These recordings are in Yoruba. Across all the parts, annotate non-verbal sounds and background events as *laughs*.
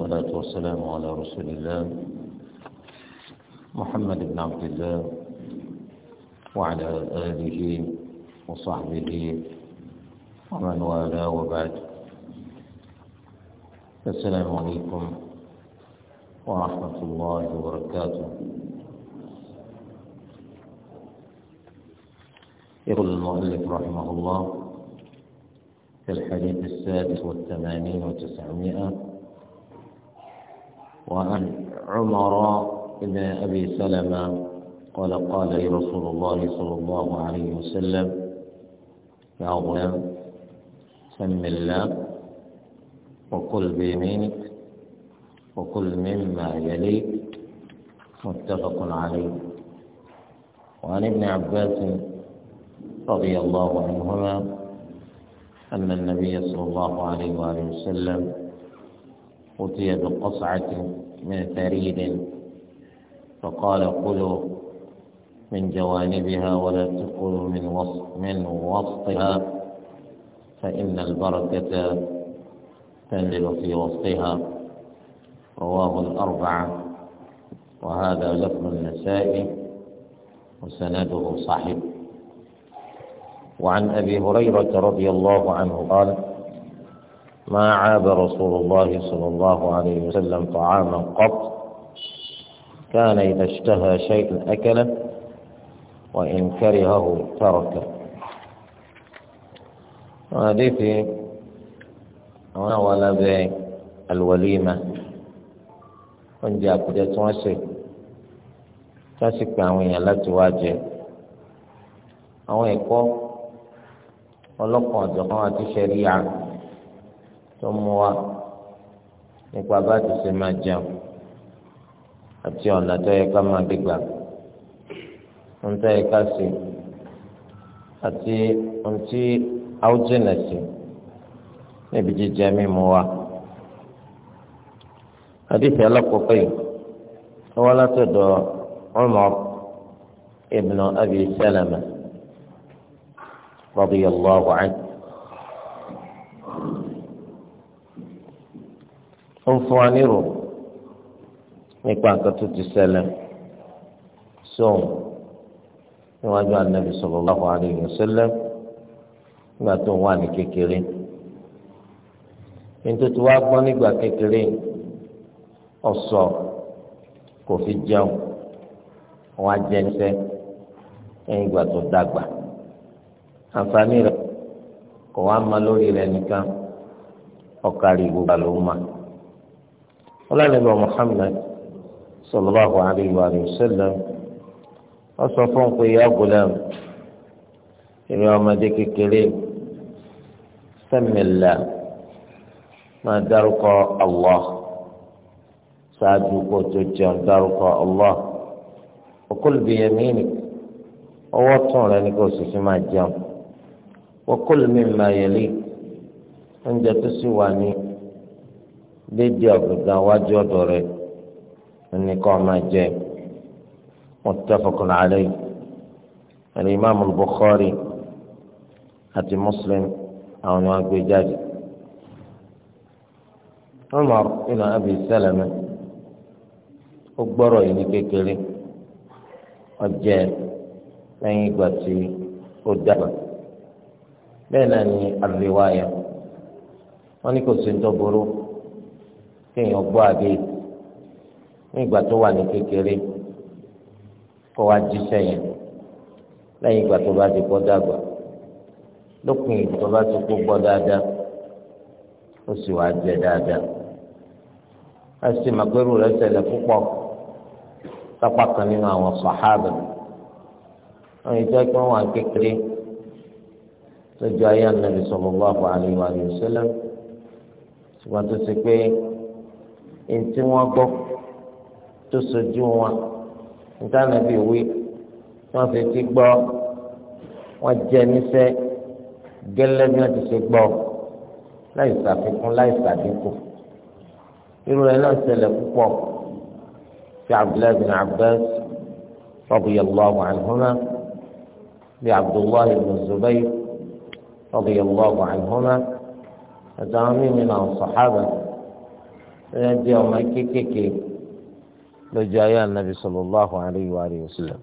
والصلاة والسلام على رسول الله محمد بن عبد الله وعلى آله وصحبه ومن والاه وبعد السلام عليكم ورحمة الله وبركاته يقول المؤلف رحمه الله في الحديث السادس والثمانين وتسعمائة وعن عمر بن أبي سلمة قال قال لي رسول الله صلى الله عليه وسلم يا غلام سم الله وكل بيمينك وكل مما يليك متفق عليه وعن ابن عباس رضي الله عنهما أن النبي صلى الله عليه وآله وسلم أتي بقصعة من ثريد فقال خذوا من جوانبها ولا تقولوا من وسط من وسطها فإن البركة تنزل في وسطها رواه الأربعة وهذا لفظ النساء وسنده صحيح وعن أبي هريرة رضي الله عنه قال ما عاب رسول الله صلى الله عليه وسلم طعاما قط كان إذا اشتهى شيء أكله وإن كرهه تركه وحديثي أنا ولا بي الوليمة oúnjẹ àkùjẹ tí wọ́n ṣe tásìkò àwọn èèyàn láti wá jẹ tó mú wa nípa bá ti ṣe máa jẹun àti ọ̀nà tó yẹ ká máa dìgbà ohun tó yẹ ká ṣe àti ohun tí a ó jìnà sí níbi jíjẹ mímu wa. حديث لقطي ولا تدع عمر ابن أبي سلمة رضي الله عنه ń fún wa nírò nípa nǹkan tó ti ṣẹlẹ̀ sóun níwájú anabi sallallahu alaihi wasallam nígbà tó ń wà ní kékeré nítorí wá gbọ́n nígbà kékeré ọ̀sọ̀ kò fi jẹun wọn á jẹ níṣẹ́ ẹ̀yìn ìgbà tó dàgbà àǹfààní rẹ̀ kò wá ma lórí rẹ̀ nìkan ọ̀kàrí gbogbo àlòmọ́ ọlọ́nàbọ̀ Muhammad sallallahu alayhi wa sallam wọ́n sọ fún un pé ya gulam ìrìn ọmọdé kékeré sẹ́mìlá máa dárúkọ Allah ṣáájú kó tó jẹun dárúkọ Allah ọkùnrin bìyẹn mí ni ọwọ́ tún rẹ ní kó o sì fi máa jẹun wọ́n kó lómi máa yẹlé oúnjẹ tó sì wà ní déédéé ọ̀gángan wájú ọ̀dọ̀ rẹ̀ ní kọ́ máa jẹ muttafaqun alayhi al-imam al-bukhari àti muslim àwọn ni wọ́n gbé jáde. umar ibn abi salama ó gbọ́rọ̀ yìí ní kékeré ọjẹ́ lẹ́yìn ìgbà tí ó dàgbà bẹ́ẹ̀ náà ni àríwáyà wọ́n ní kò sí ń tọ́ burú kéèyàn gbọ́ àdé ní ìgbà tó wà ní kékeré kó wá jíṣẹ́ yẹn lẹ́yìn ìgbà tó bá ti kọ́ dàgbà lópin ìtọ́ bá ti kó gbọ́ dáadáa ó sì wá jẹ dáadáa a sì máa pẹ́rù rẹ̀ ṣẹlẹ̀ púpọ̀ sápá kan nínú àwọn sàhábà wọn ìjọ pé wọn kékeré lójú ayé ànábì sallallahu alaihi wa sallam ṣùgbọ́n tó ṣe pé ntí wọn gbọ́ tó sojú wọn nítaná bíi wí wọn fi ti gbọ́ wọn jẹ níṣẹ́ gẹ́lẹ́ bí wọn ti ṣe gbọ́ láì ṣàfikún láì ṣàdínkù irú rẹ̀ náà ṣẹlẹ̀ púpọ̀ fi Abdullahi bin Abbas radiyallahu anhuma bí Abdullahi bin Zubayr radiyallahu anhuma àtàwọn mímu náà sọhábà ẹ̀yà jẹ́ ọmọ kéékèèké lójú ayé anabi sallallahu alayhi wa sallam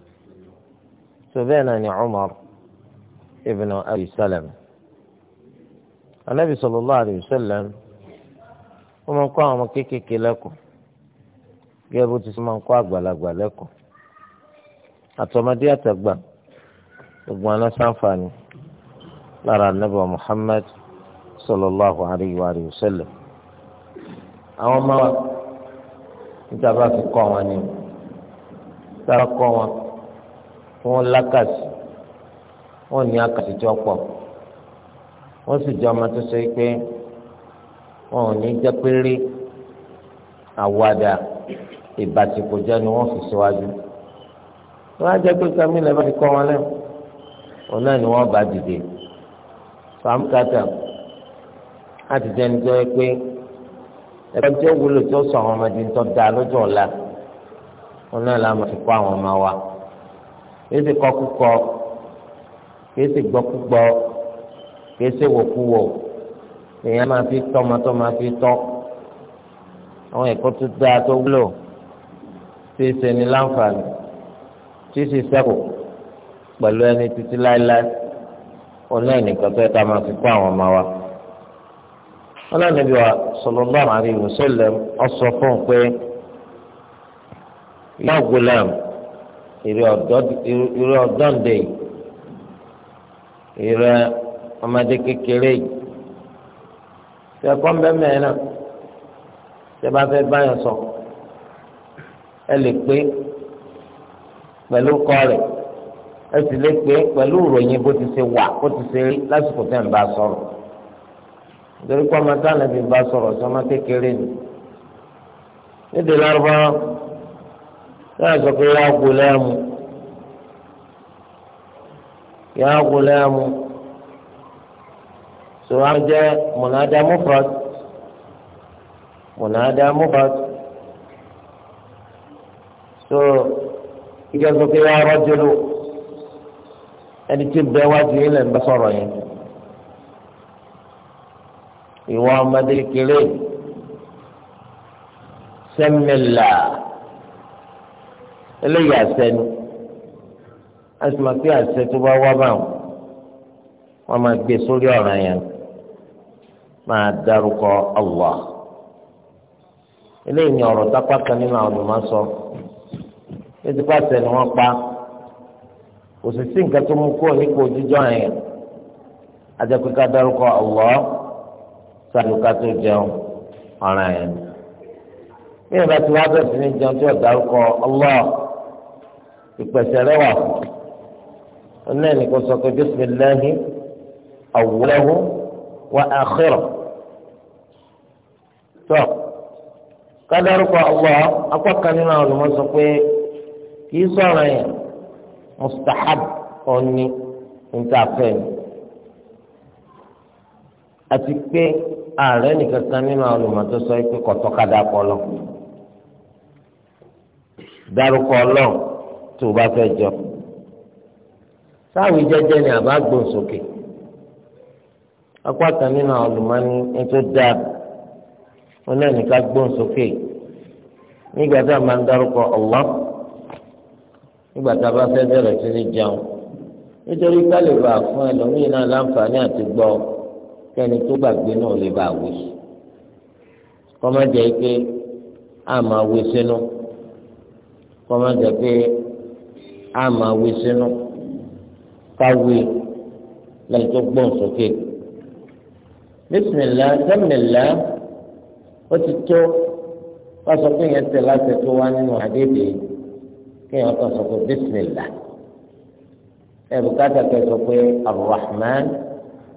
tó bẹ́ẹ̀ náà ni Umar ibn Abi Salama anabi sallallahu alayhi wa sallam wọ́n máa ń kọ́ àwọn ọmọ kéékèèké lẹ́kọ̀ọ́ gẹ́gẹ́ bó ti sọ máa ń kọ́ àgbàlagbà lẹ́kọ̀ọ́ àtọmọdé àtàgbà gbogbo àná sáǹfààní lára anabi Muhammad sallallahu alayhi wa sallam àwọn ọmọ wa níta bá fi kọ́ wọn ni sára kọ́ wọn tí wọ́n lákàtì wọ́n ní àkàtì tí wọ́n pọ̀ wọ́n sì jẹ́ ọmọ tó ṣe pé wọn ò ní jẹ́ péré àwàdà ìbátìkọjá ni wọ́n fi síwájú wọ́n á jẹ́ pé kamilẹ̀ bá fi kọ́ wọn lẹ́wọ̀n òun náà ni wọ́n bá dìde fàmkátà láti jẹ́ pé ẹ̀kọ́ tí ó wúlò tí ó sọ àwọn ọmọdé tó dáa lójú ọ̀la wọn náà la máa fi kọ́ àwọn ọmọ wa kìí sì kọ́ kúkọ kìí sì gbọ́ kúgbọ́ kìí sì wò kúwò èèyàn máa fi tọ́ ọmọ tó máa fi tọ́ àwọn ẹ̀kọ́ tó dáa tó wúlò tí ṣe ní láǹfààní tí ṣe sẹ́kù pẹ̀lú ẹni títí láéláé ọ̀nà ẹnìkan tó yẹ ká máa fi kọ́ àwọn ọmọ wa ọlọ́nàbí wa sallallahu alaihi wasallam ọ̀sọ̀ fún pé yá gulam ìrẹ́ ọ̀dọ́ǹdè ìrẹ́ ọmọdé kékeré yìí tẹ̀kọ́ mbẹ́mẹ́ náà tẹ́ bá fẹ́ báyọ̀ sọ ẹ lè pé pẹ̀lú kọ́ọ̀rẹ̀ ẹ sì lè pé pẹ̀lú ìròyìn bó ti ṣe wà bó ti ṣe rí lásìkò tẹ̀ ń bá sọ̀rọ̀ nítorí pé ọmọ táwọn ẹbí bá sọ̀rọ̀ sọmọ kékeré ni nídìí lárúbáwá náà sọ pé yá kú lẹ́mu yá kú lẹ́mu sọ̀rọ̀ àwọn jẹ́ mọ̀nàdá mufrad mọ̀nàdá mufrad so ìjọba pé yá rọ́jòló ẹni tí bẹ́ẹ̀ wájú yín lẹ́nu bá sọ̀rọ̀ yẹn. ìwọ ọmọdé kéré sẹ́mìlà eléyìí àṣẹ ni a àṣẹ tó bá wá wọn máa gbé sórí ọ̀ràn yẹn máa dárúkọ Allah eléyìí ni ọ̀rọ̀ tápá kan nínú àwọn ọ̀dùnmá sọ ètò pàṣẹ ni pa kò sì tó mú kó jíjọ́ àjẹpẹ́ká dárúkọ Allah. sáájú ká tó jẹun ọ̀ràn yẹn ni bí ìgbà tí wàá bẹ̀rẹ̀ sí ní jẹun tí ọ̀gá kọ ọlọ́ ìpèsè rẹ wà fún un náà ní kò sọ pé bísímìláhi awwalahu wa akhirahu tó kádàrúkọ ọlọ́ akọ́kàn nínú àwọn olùmọ̀ sọ pé kì í sọ̀rọ̀ yẹn mustahab ọ̀ni níta fẹ́ mi àti pé. ààrẹ nìkan kan nínú àwọn olùmọ̀tò sọ pé kada ká dárúkọ lọ tó o bá fẹ́ ni àbá gbòǹ sókè apá kan nínú àwọn olùmọ̀ni ètò dáa wọn náà nìkan gbòǹ sókè nígbà tá a máa ń dárúkọ Allah nígbà tá a bá fẹ́ bẹ̀rẹ̀ sí ní jẹun nítorí ká lè fún náà kẹ́ni tó gbàgbé náà lè bá wí kọ́mọ́jẹ́ pé a máa wí sínú kọ́mọ́jẹ́ pé a máa wí sínú káwé lẹ́yìn tó gbọ́n sókè bísímìlá sẹ́mìlá ó ti tó wọ́n sọ pé yẹn tẹ̀ láti tó wá nínú àdébè kéèyàn kan sọ pé bísímìlá ẹ̀ bùkátà sọ pé Ar-Rahman.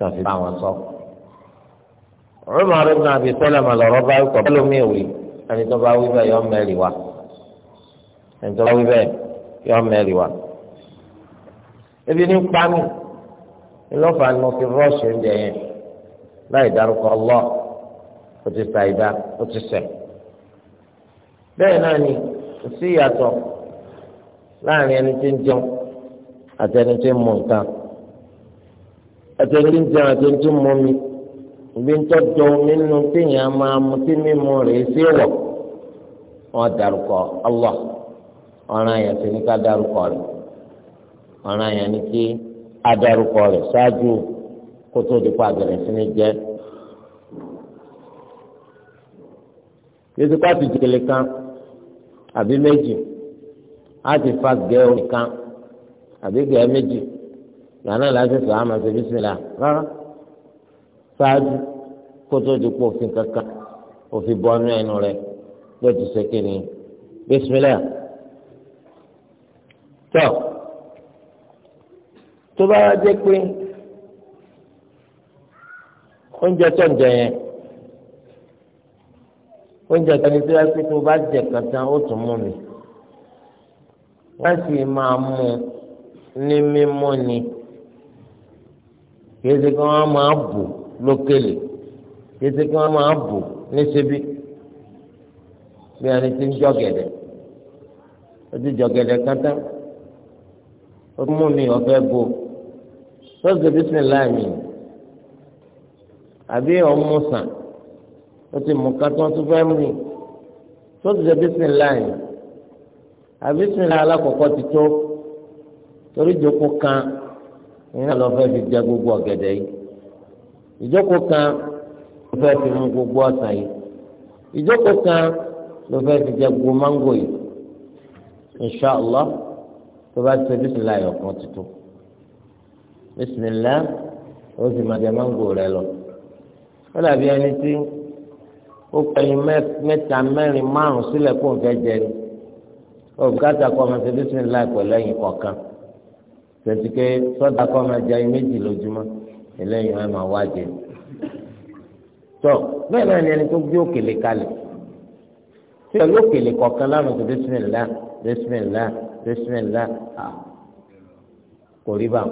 tàbí bá wọn sọ. Umar ibn Abi Salama lọ́rọ́ bá kọ̀ bá lómi ìwé ẹni tó bá wí bẹ́ẹ̀ yọ mẹ́rin wa ẹni tó bá wí bẹ́ẹ̀ yọ mẹ́rin wa. ebi ní pami ìlọ́fà ni mo fi rọ́ọ̀ṣì oúnjẹ yẹn láì dárúkọ Allah ó ti sa ìdá ó ti sẹ̀. bẹ́ẹ̀ náà ni kò sí ìyàtọ̀ láàrin ẹni tí ń jẹun àti ẹni tí ń mu nǹkan. àtẹ̀ntì ń jẹun nke ń mú mi ìbí ń tọ́jú nínú téèyàn máa mu tí mímu rẹ̀ sí wọ̀ wọ́n dárúkọ Allah ọ̀ràn yẹn ti ní ká dárúkọ rẹ̀ a dárúkọ rẹ̀ ṣáájú kó tó di pa àbẹ̀rẹ̀ sí ní jẹ́. kan àbí méjì á ti fa kan àbí ìgbà náà láti sọ àmà ṣe bísímìlà rárá ṣáájú kó tó di pé òfin kankan òfin bọ́nú ẹnu rẹ pé tó ṣe kíni bísímìlà tó tó bá jẹ́ pé oúnjẹ tó ń jẹ yẹn oúnjẹ kan ní tíra pé tó bá jẹ kankan ó tún mú mi wọ́n sì máa mú ní mímú ni. Mímú ni kìí ṣe kí wọ́n máa bù lókèlè kìí ṣe kí wọ́n máa bù níṣẹ́bí bí ẹni tí ń jọ̀gẹ̀dẹ̀ ó ti jọ̀gẹ̀dẹ̀ kántá ó mú mi ọ̀fẹ́ bò sọ́ọ̀sì bísíǹláì mi àbí ọmú sàn ó ti mú kátó tó fẹ́ mú mi sọ́ọ̀sì bísíǹláì àbí bísíǹláì alákọ̀ọ́kọ́ ti tó torí ìjókòó kan iná lọ fẹ́ fi jẹ gbogbo ọ̀gẹ̀dẹ̀ yìí ìjókòó kan ló fẹ́ fi mú gbogbo ọsàn yìí ìjókòó kan ló fẹ́ fi jẹ gbogbo máńgò yìí inshàlá tó bá ti bísí láyọ̀ kan tuntun bísímilá ó sì máa jẹ máńgò rẹ lọ ó dàbí ẹni tí ó pẹ̀yìn mẹ́ta mẹ́rin márùn-ún sílẹ̀ kó n fẹ́ jẹ ní òbí kátà ọmọ ti bísímilá pẹ̀lú ẹ̀yìn kọ̀ọ̀kan tẹ̀síkẹ́ sọ́dà kọ́ máa jẹ ayé méjì lójúmọ́ eléyìí wọn máa wá jẹ. tọ́ bẹ́ẹ̀ náà ni ẹni tó gbé òkèlè kalẹ̀ tí pẹ̀lú òkèlè kọ̀ọ̀kan lánàá tó bísímìlá bísímìlá bísímìlá kò rí bá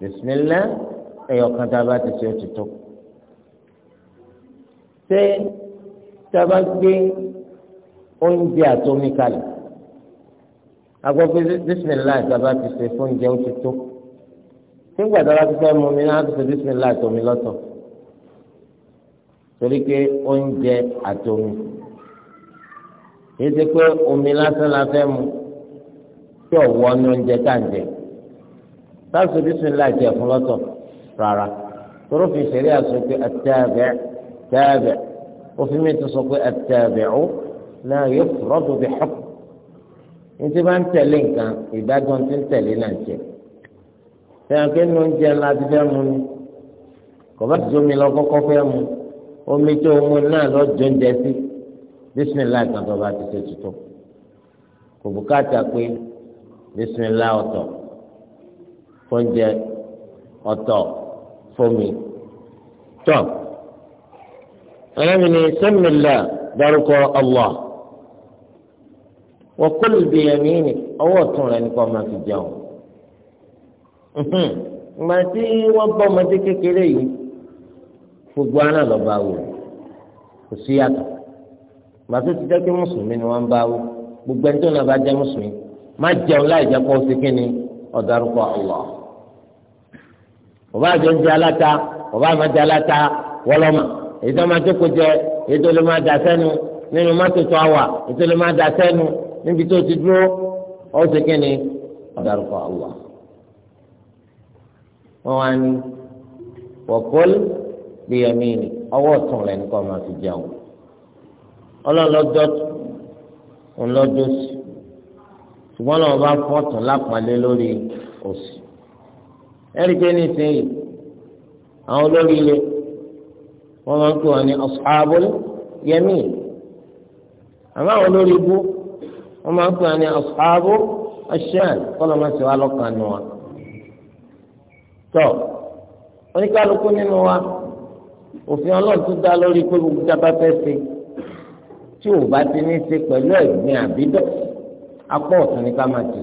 bísímìlá ẹ̀yọ̀kan tá a bá ti ṣe ó ti tó. ṣé tá a bá gbé oúnjẹ àtomi kalẹ̀ agbọ́ pé bísímìlá ìjọba ti ṣe fún jẹun ti tó nígbà tó bá ti fẹ́ mu mi náà ti ṣe bísímìlá ìtòmí lọ́tọ̀ torí pé oúnjẹ àtomi yíṣe pé omi lásán la fẹ́ mu tí ọ̀wọ́ ní oúnjẹ tá à ń jẹ fún lọ́tọ̀ rárá tóró fi ṣeré àṣọ pé àtẹ́àbẹ̀ tẹ́àbẹ̀ òfin mi ti sọ pé àtẹ́àbẹ̀ ó náà yóò rọ́dù bí xọ́pù ní tí bá ń tẹ̀lé nǹkan ìdájọ́ ti ń tẹ̀lé náà jẹ fẹ́ràn pé nínú oúnjẹ ńlá ti fẹ́ mu ni kò bá ti omi lọ kọ́kọ́ fẹ́ mu omi tó mu náà lọ jọ oúnjẹ sí bisimilahi kan tó bá ti ṣe tuntun kò bùkátà pé bisimilahi ọ̀tọ̀ fóúnjẹ ọ̀tọ̀ fómi tọ́ ẹlẹ́mìnì sẹ́mìlá dárúkọ Allah wọ́n kó lùdì ẹ̀mí ni ọwọ́ ọ̀tún rẹ̀ nìkan máa fi jẹun. ìgbà tí wọ́n bọ́ ọmọdé kékeré yìí gbogbo aná lọ bá wò kò sí yàtọ̀ ìgbà tó ti jẹ́ pé mùsùlùmí ni wọ́n bá wò gbogbo ẹni tó náà bá jẹ́ mùsùlùmí má jẹun láì jẹ́ pọ́ sí kínní ọ̀dàrúkọ Allah. bàbá àjọ ń jẹ aláta bàbá àmọ́ jẹ aláta wọlọ́mà èyí tó máa jókòó jẹ èyí tó lè máa dà sẹ́nu nínú mọ́tò níbi tó ti dúró ó ṣe kí ni ọ̀dàrúkọ àwà wọn wá ní wọ́pọ́l bí ẹ̀mí ni ọwọ́ ọ̀tún rẹ̀ ní kọ́ máa fi jẹun ọlọ́lọ́dọ́ ńlọ́dọ́ sí ṣùgbọ́n lọ́wọ́ bá fọ́tún lápàlẹ́ lórí òsì ẹ̀rí pé nísìnyí àwọn olórí ilé wọ́n máa ń pè wọ́n ní ọ̀sáàbọ̀lì yẹmí àmọ́ àwọn olórí ibú wọ́n máa ń pè ní ọ̀sáàbù ọ̀ṣẹ́àn kọ́lọ́ máa ṣe wá lọ́kàn nù wa. tọ́ oníkálukú nínú wa òfin ọlọ́run tó dá lórí pé gbogbo jábá fẹ́ ṣe tí ò bá ti ní ṣe pẹ̀lú ẹ̀gbin àbídọ̀ apá ọ̀tún ni ká máa tì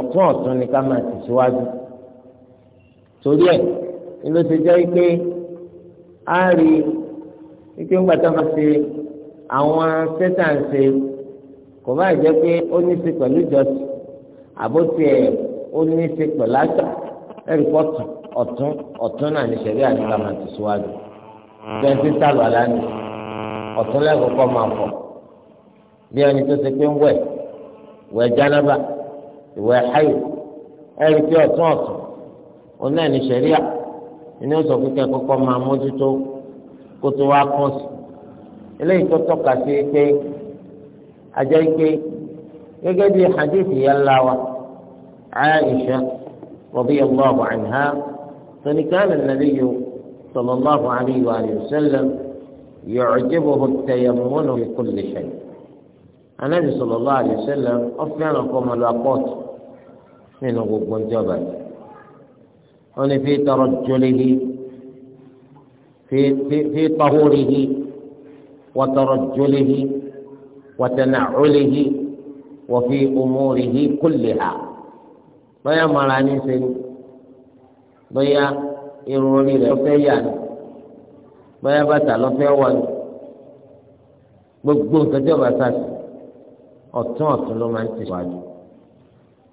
ọ̀tún ọ̀tún ni ká máa tì torí ẹ̀ ni ló ṣe jẹ́ pé a rí i pé ńgbà tá máa ṣe àwọn sẹ́tàǹsì kò bá jẹ́ pé ó ní ṣe pẹ̀lú ìjọsìn àbótiẹ̀ ó ní ṣe pẹ̀lú àṣà ẹ̀ríkọ́ ọ̀tún ọ̀tún náà ní sẹ̀rí àdúrà máa ti síwájú bẹ́ẹ̀ni sálù aláàánú ọ̀tún lẹ́kọ̀ọ́kọ́ máa fọ̀ bí ẹni tó ṣe pé ń wẹ̀ wẹ̀ jánábà ìwẹ̀ ayò ẹ̀ríkí ọ̀tún ọ̀tún òun náà ní sẹ̀rí à ní ó sọ pé kẹ́kọ̀ọ́kọ́ máa mójútó kó tó wá kọ́ sí eléyìí tó tọ́ka sí pé ajá ike gẹ́gẹ́ bí hadith yẹn la wa Aisha radiyallahu anha tóní kan an-nabiyyu sallallahu alayhi wa sallam yu'jibuhu at-tayammunu fi kulli shay anabi sallallahu alayhi wa sallam ọfẹràn kọmọ lọ apọtù nínú gbogbo njọba yìí wọn ni fi tarajjulihi fi fi fi tahurihi. وترجله وتنعله وفي أموره كلها بيا مراني سن بيا إرولي لفيان بيا بتا لفيوان gbogbo nǹkan tí ọba sá sí ọtún ọtún ló máa ń tẹ̀síwájú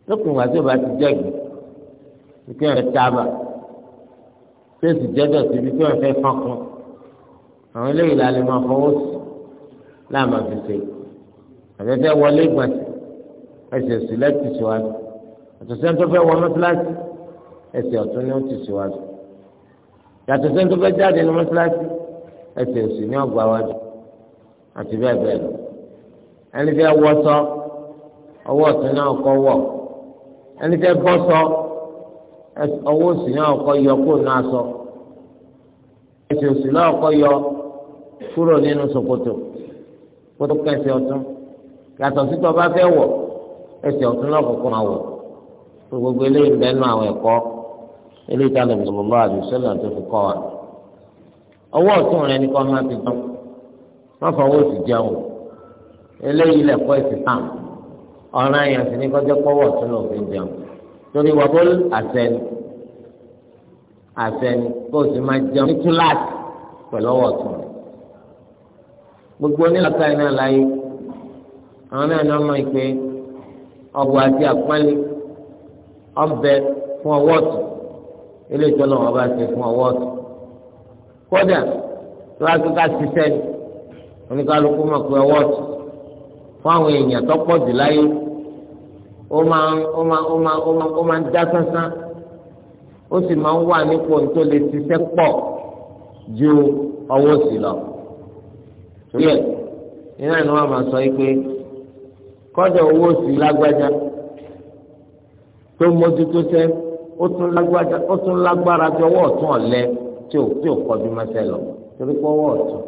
lókùn ìgbà tí ọba ti jẹ́gi wípé ọ̀rẹ́ tábà tí èsì jẹ́dọ̀ síbi tí ọ̀rẹ́ fẹ́ fọ́n kan àwọn eléyìí la lè máa fọwọ́ sí láàmú àfẹsẹ̀ àfẹ́fẹ́ wọlé gbọ̀nsẹ̀ ẹsẹ̀ òsì lẹ́tì síwájú yàtọ̀ sẹ́ni tó fẹ́ wọ mọ́tíláṣí ẹsẹ̀ ọ̀tún ni ó ti síwájú yàtọ̀ sẹ́ni tó fẹ́ jáde ní mọ́tíláṣí ẹsẹ̀ òsì ni ọgbà wájú àti bẹ́ẹ̀ bẹ́ẹ̀ lọ ẹni fẹ́ wọṣọ ọwọ́ ọ̀tún náà kọ́ wọ̀ ẹni fẹ́ bọ́ṣọ ọwọ́ òsì náà kọ́ yọ kó náà sọ ẹsẹ̀ òsì náà kọ́ yọ kúrò nínú ṣòkòtò kó tó kún ẹsẹ̀ ọ̀tún yàtọ̀ sí tó bá fẹ́ wọ̀ ẹsẹ̀ ọ̀tún náà kọ́kọ́ máa wọ̀ tó gbogbo eléyìí bẹ́ẹ̀ nú àwọn ẹ̀kọ́ eléyìí tá a lè bọ̀ lọ́wọ́ àdùsọ́lá tó fi kọ́ wa ọwọ́ ọ̀tún rẹ ní kọ́ máa ti dán má fọwọ́ sí jẹun eléyìí lẹ̀kọ́ ẹ̀sìn tán ọ̀ràn yẹn sì ní kọjá pọ́wọ́ ọ̀tún náà fi jẹun torí wọ́n bó àṣẹni àṣẹni kó o sì máa jẹun ní túláàsì pẹ̀lú ọwọ́ ọ̀tún rẹ gbogbo onílàkà iná láyé àwọn náà ní ọmọ ìpè ọ̀bọ̀ àti àpọ́nlé ọbẹ̀ fún ọwọ́ ọ̀tún ilé ìtọ́lọ́ wọn bá ṣe fún ọwọ́ ọ̀tún kódà tó a tó ká ṣiṣẹ́ ni oníkálukú mọ̀ pé ọwọ́ ọ̀tún fún àwọn èèyàn tó pọ̀ jù láyé ó máa ó máa ó máa ó máa ó máa ń dá sánsán ó sì máa ń wà nípò tó ṣiṣẹ́ pọ̀ ju ọwọ́ sí lọ torí ẹ̀ iná ni wọ́n máa sọ yìí pé kọ́dà owó sí lágbájá tó mójútó sẹ́ ó tún lágbára ju ọwọ́ ọ̀tún ọ̀lẹ tí ò tí ò kọjú mẹ́sẹ̀ lọ torí pé ọwọ́ ọ̀tún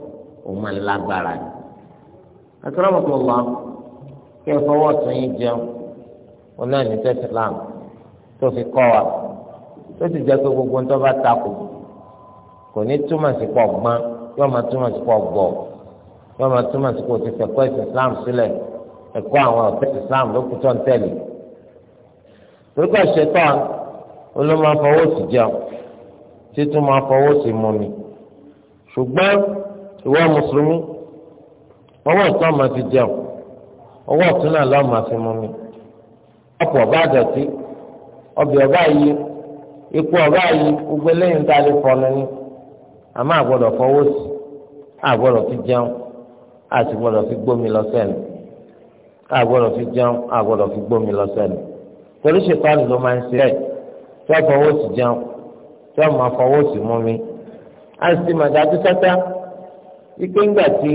òun máa ń lágbára ni. àtúrọ̀mọ̀tò wa kí ẹ fọwọ́ ọ̀tún yín jẹun òun náà ní tẹ́sí láàmù tó fi kọ́ wa tó sì jẹ́ pé gbogbo ń tọ́ bá takò kò ní túmọ̀ sí pọ̀ gbọ́n yóò máa túmọ̀ sí pọ̀ gbọ́ọ̀ wọ́n máa túmọ̀ sí kò ti fẹ̀kọ́ ẹ̀sìn islam sílẹ̀ ẹ̀kọ́ àwọn ọ̀tẹ́ islam ló kú tó ń tẹ̀lé torípé ṣetán ló máa fọwọ́ sí jẹun títún máa fọwọ́ sí mumi ṣùgbọ́n ìwọ mùsùlùmí ọwọ́ ọ̀tún máa fi jẹun ọwọ́ ọ̀tún náà lọ́ọ́ máa fi mumi ọ̀pọ̀ ọba àdọ̀tí ọbẹ̀ ọba yìí ipò ọba yìí gbogbo eléyìí ń ta lè fọnu ní àmọ́ àgbọ̀dọ̀ fọwọ́ sí àgbọ̀dọ̀ fi jẹun a sì gbọ́dọ̀ fi gbómi lọ sẹ́nu a gbọ́dọ̀ fi jẹun a gbọ́dọ̀ fi gbómi lọ sẹ́nu torí ṣèpáàlì ló máa ń ṣe ẹ̀ tí wọ́n fọwọ́ sí jẹun tí máa fọwọ́ sí mú mi a sì máa dájú sátá wípé ńgbà tí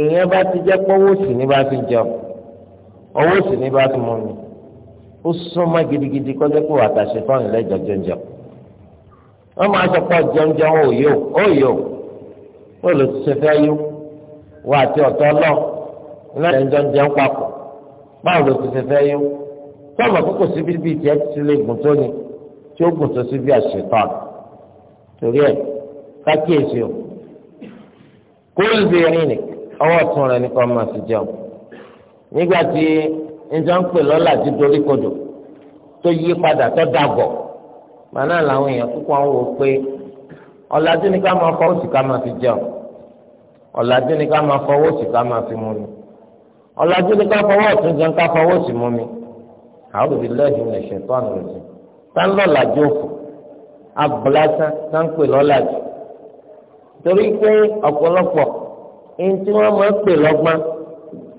èèyàn bá ti jẹ́ pọ́wọ́ sí ní bá fi jẹun ọwọ́ sí ní bá fi mú mi ó súnmọ́ gidigidi kọ́jọ́ pé wàtà ṣèpáàlì lẹ́jọ́ jẹun wọ́n máa sọ pé jẹun jẹun òye o òye o wọ́n lọ ti ṣe fẹ́ yó wọ́n àti ọ̀tọ́ lọ iná ìjọ ń jẹun papọ̀ báwo ló ti fẹ́ yó sọ́ọ̀mù àkókò síbi bíi tiẹ́ ti lè gùn tó ni tí ó gùn tó síbi àṣetán torí ẹ̀ kákíyèsí o kó lè bèèrè ní ọwọ́ ọ̀tún rẹ̀ nípa ọmọ àti jẹun nígbà tí ìjọ ń pè lọ́la ti dorí kodò tó yí padà tó dàgọ̀ màá náà làwọn èèyàn kúkú àwọn wò pé ọ̀làjú ni ká máa fọ́ òsì ká máa fi jẹun ọ̀làjú ni ká máa fọwọ́ sí ká máa fi mú mi ọ̀làjú ni ká fọwọ́ ọ̀tún jẹun ká fọwọ́ sí mú mi a'udhu billahi minash shaitani rajim tá ń lọ́làjú òfò abúlásán tá ń pè lọ́làjú torí pé ọ̀pọ̀lọpọ̀ ẹni tí wọ́n máa ń pè lọ́gbọ́n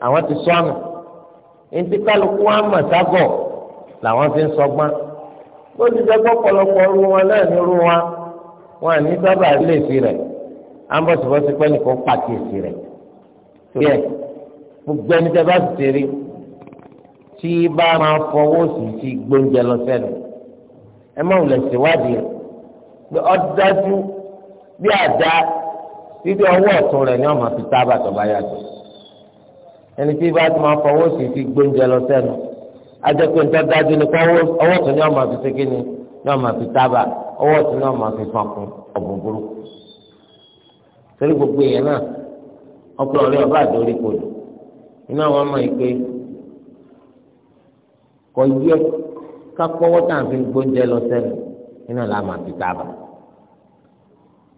àwọn ti sọ àmì ẹni tí kálukú wọn mọ̀ ságọ̀ làwọn fi ń sọgbọ́n bó ti jẹ́ pọ̀pọ̀lọpọ̀ ru wọn náà ní wọn wọn à à ń bọ̀sibọ́sí pé nìkan pàkíyèsí rẹ̀ torí ẹ̀ gbogbo ẹni tẹ́ bá sì ti rí tí bá máa fọwọ́ sí ti gbóúnjẹ lọ sẹ́nu ẹ má wùlẹ̀ ṣèwádìí rẹ̀ pé ó dájú bí àdá títí ọwọ́ ọ̀tún rẹ̀ ni wọ́n máa fi tábà tó bá yàtọ̀ ẹni tí bá ti máa fọwọ́ sí ti gbóúnjẹ lọ sẹ́nu ajẹ́pẹ́ ń tọ́ dájú ni pé ọwọ́ ọ̀tún ni wọ́n máa fi ṣe ni wọ́n máa fi tábà ọwọ́ ọ̀tún ni wọ́n máa fi fọkùn ọ̀bùn burúkú torí gbogbo èèyàn náà ọpọlọ rẹ ọba àdórí kodò iná wọn mọ ìpè kọ yẹ kápọwọ tá à ń fi gbóúnjẹ lọ sẹnu iná la máa fi tábà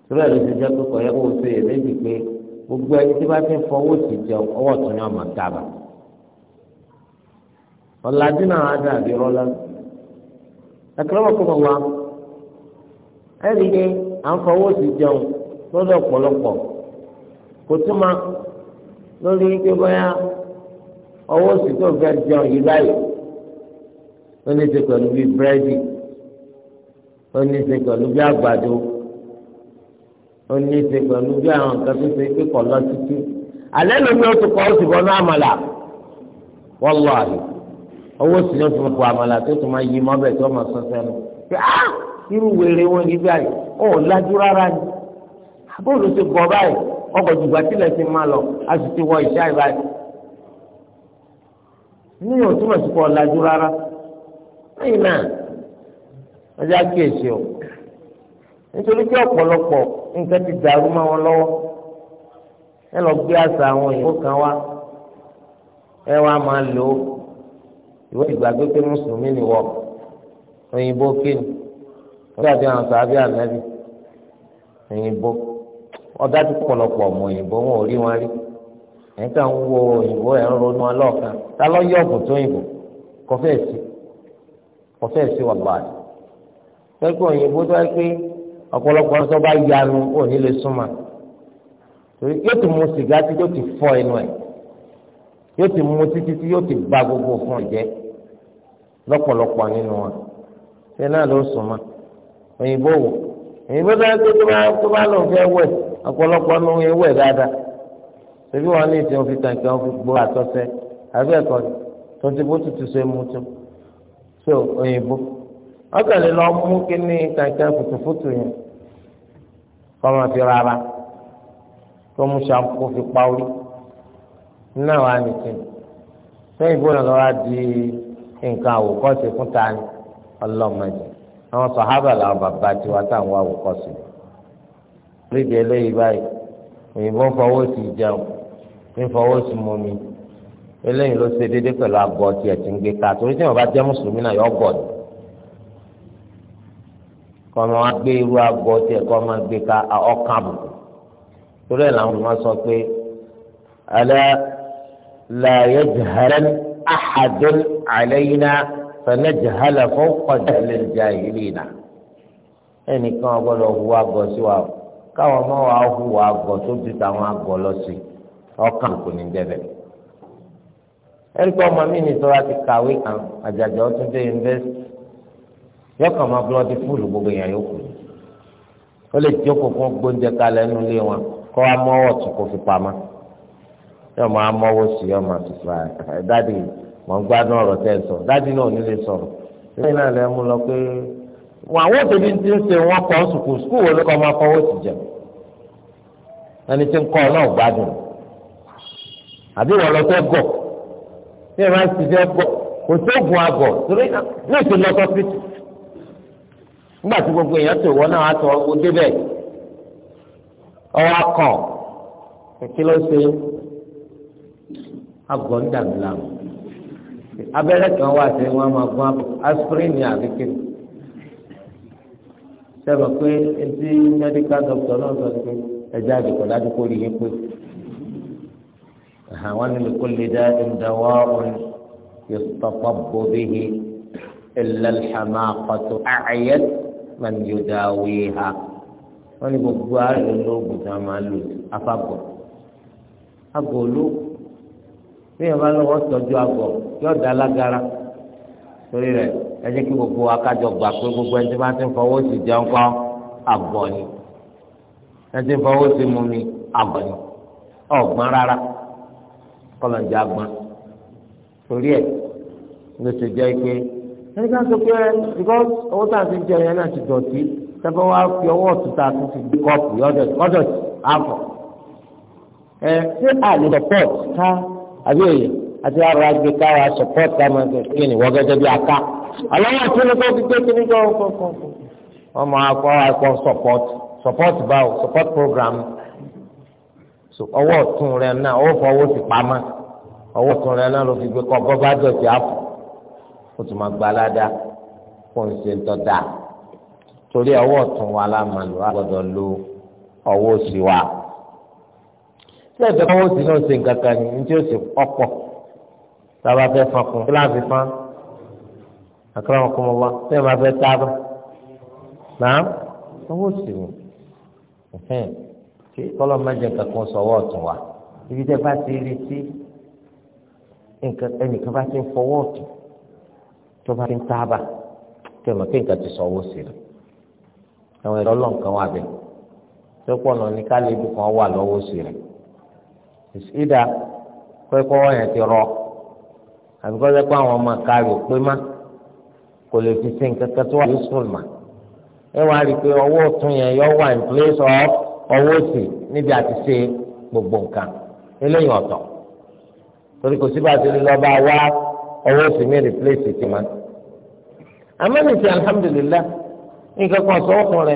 torí ẹ ló ti pé kọ yẹ kó o ṣe èméjì pé gbogbo ẹni tí bá ti ń fọwọ́ sí jẹun ọwọ́ tó ní ọmọ tábà ọ̀làjú náà á dàbí rọ́lá ẹ̀kọ́ lọ́wọ́ kọ́ mọ̀ wá ẹ̀rí ni à ń fọwọ́ sí jẹun lọ́dọ̀ ọ̀pọ̀lọpọ̀ kò túmọ̀ lórí pé bóyá ọwọ́ òsì tó fẹ́ jẹun yìí báyìí ó ní ṣe pẹ̀lú bíi búrẹ́dì ó ní ṣe pẹ̀lú bíi àgbàdo ó ní ṣe pẹ̀lú bíi àwọn nǹkan tó ṣe pé kọ̀ lọ títí alẹ́ lómi ó ti kọ́ ó sì bọ́ ní àmàlà wọ́n àlè ọwọ́ òsì ló fi kọ́ àmàlà tó tún máa yí mọ́bẹ̀ tó máa sọ sẹ́nu pé á ah, irú wèrè wọn ní báyìí ó lájú rárá ni bóòlù ti gbọ́ báyìí ọkọ̀ jùgbà tilẹ̀ ti máa lọ a sì ti wọ ìṣá ìbáyìí. ní yóò túmọ̀ sí pọ̀ ọ̀làjú rárá lẹ́yìn náà wọ́n já kíyèsí o nítorí pé ọ̀pọ̀lọpọ̀ nǹkan ti dàrú mọ́ wọn lọ́wọ́ ẹ lọ gbé àṣà àwọn òyìnbó kan wá ẹ wá máa lò ó ìwé ìgbàgbé pé mùsùlùmí ni wọ òyìnbó kéènì ó dàbí àwọn sàábì ànábì òyìnbó kéènì ọ̀dà tó pọ̀lọpọ̀ ọmọ òyìnbó wọn ò rí wọn rí ẹ̀ka ń wo òyìnbó ẹ̀ ń ronú ọlọ́ọ̀kan ta ló yọ ọ̀gùn tó òyìnbó kọfẹ́ sí kọfẹ́ sí wà báyìí pẹ́ẹ́kọ́ òyìnbó tó wáyé pé ọ̀pọ̀lọpọ̀ ọ̀sọ́ bá yanu ò ní lè súnmọ́ torí yóò ti mu sìgá tí yóò ti fọ́ inú ẹ̀ yóò ti mu títí tí yóò ti ba gbogbo fún ọ̀jẹ́ lọ́pọ̀lọpọ̀ nínú wọn ṣé náà ló súnmọ́ òyìnbó wò òyìnbó tó wáyé pé tó bá lọ fẹ́ wẹ̀ sí ọ̀pọ̀lọpọ̀ ní wọn ewé dáadáa ṣebí wọn ní ìtàn òfin kàǹkà wọn fi gbó àtọ́sẹ́ àbí ẹ̀kọ́ tó ti bó tutù ṣe mú tó so òyìnbó ọ̀kẹ́lẹ́ lọ mú kíní kàǹkà fùtùfùtù yẹn kọ́ máa fi rárá kó mú ṣàǹkó fi pa orí náà wà nìkan sẹ́yìn bó lọ́wọ́ á di nǹkan àwòkọ́ṣe fún ta ni ọlọ́mọdé àwọn sọ̀hábà làwọn bàbá tiwa táwọn àwòkọ́ṣe yìí léde eléyìí báyìí òyìnbó ń fọwọ́ sí jẹun ń fọwọ́ sí mọ́mi eléyìí ló ṣe déédéé pẹ̀lú àgọ́ tiẹ̀ tí ń gbé ká torí tí wọn bá jẹ́ mùsùlùmí náà yọ gọ̀ ni kọ́ ọ máa gbé irú àgọ́ tiẹ̀ kọ́ ọ máa gbé ká ọkàn àbùkù torí ẹ̀ làwọn olùmọ̀ sọ pé alẹ́ làyé jẹ́hẹ́rẹ́ àhàdùn àlẹ́yìnà fẹ́lẹ́ jẹ́hẹ́lẹ̀ fún kọjá lè ìlú ìlà ẹnìkan ọgbọ́dọ̀ hu àgọ́ sí wa o. káwọn ọmọ wa hùwà àgọ tó ti tàwọn lọ sí ọkàn kò ní débẹ̀ ẹnìkan ọmọ mi ní sọ́ra kàwé kan àjàjà ó dé yunifásitì yọkàn máa búlọ́ọ̀dì fúlù gbogbo èèyàn yòókù ó lè fún gbóúnjẹ kalẹ̀ wọn kọ́ amọ́wọ́ fi pamọ́ máa mọ́wọ́ sí máa fi fa eh, dádì gbádùn ọ̀rọ̀ tẹ́ ẹ sọ dádì náà sọ̀rọ̀ lẹ́yìn náà lọ pé wọn àwọn ti ń wọn kọ́ ẹni tí ń kọ́ ọ náà gbádùn àbí wọ́n lọ fẹ́ gọ̀ bí ẹ máa ń ṣiṣẹ́ gọ̀ kò sóògùn àgọ̀ torí náà ti lọ sọ́sìtì nígbà tí gbogbo èèyàn tó wọ́n náà wá sọ ọ́ débẹ̀ ọwọ́ akàn kí ló ṣe àgọ̀ ń dàbí làwọn abẹ́rẹ́ kan wà sí wọn máa gún aspirin ní àbíkẹ́ sẹ́wọ̀n pé etí mẹ́díkà dọ́kítọ̀ náà sọ pé ẹjẹ àdìkọ dájú kó rí yín pé àwọn ní kò lè dá ìdáwọ́ ọ̀hún yòtọ́pọ̀ bóbi hi ìlàlhàmà àkọ́tù àyẹ màmí yóò dá wí ha wọn ní gbogbo àárín olóògùn tá a máa lò afábọ̀ àgọ̀ olóògùn bí yẹn bá lọ́wọ́ tọ́jú àgọ̀ yóò dá lágara torí rẹ̀ ẹ jẹ́ kí gbogbo akájọ gbà pé gbogbo ẹni tí wọ́n ti ń fọwọ́ sí jẹun kọ́ àgọ̀ ni ẹtí fọwọ́ sí mu ni àgbọ̀nì ọ̀gbọ́n rárá kọlọ̀ ń jẹ́ àgbọ̀n torí ẹ̀ ló ti jẹ́ pé ẹni ká sọ pé ẹ because owó tá a ti jẹ ẹyẹ náà ti dọ̀tí tẹ́fẹ́ wá fi ọwọ́ ọ̀tútà tó ti di kọ́ọ̀pù ọ̀dọ̀tí àfọ̀ ẹ ṣé àlè support ká àbí òye àti àrò àgbè ká wa support ká máa gbé kí ni wọ́n gẹ́gẹ́ bí aká àlọ́ wọn tún ní kó fi gbé kí ni kó kó kó wọ́n máa kọ́ wa kó support support báwo support program so ọwọ́ ọ̀tún rẹ náà ó fọwọ́ sí pamọ́ ọwọ́ ọ̀tún rẹ náà ló fi gbé kọ́ bọ́bá dọ̀tí àpò ó tún máa gba aládá kó n ṣe tọ́ da torí ọwọ́ ọ̀tún wa la máa lò á gbọ́dọ̀ lo ọwọ́ òsì wa tí ẹ̀jẹ̀ kọ́wọ́ òsì náà ṣe nǹkan kan ní tí ó sì ọ̀pọ̀ tába fẹ́ fan kún kíláàsì fan àkàrà wọn fẹ́ tábà náà ọwọ́ òsì ni. ṣé kọ́lọ́ mẹ́jẹ kankan sọ̀wọ́ ọ̀tún wa ibi tẹ́ bá ti rí sí ẹnìkan bá ti ń tó bá ti ń tábà tẹ́ nǹkan ti sọ̀wọ́ sí rẹ̀ àwọn ẹ̀rọ lọ́nkàn wà bẹ́ẹ̀ tó pọ̀ náà ní siri. kan wà lọ́wọ́ sí ìdá kọ́kọ́ yẹn ti rọ àbíkọ́ sẹ́kọ́ àwọn ọmọ kárí má kò lè fi nǹkan kan tó wà lóṣù mà. ẹ wá rí i pé ọwọ́ ọ̀tún yẹn yọ wà in place of ọwọ́ òsì níbi àti ṣe gbogbo nǹkan eléyìí ọ̀tọ̀ torí kò síbà sí lọ́ba wá ọwọ́ òsì mi replace ti ma. àmọ́ni ti alhamdulillah nǹkan kan sọ ọkùn rẹ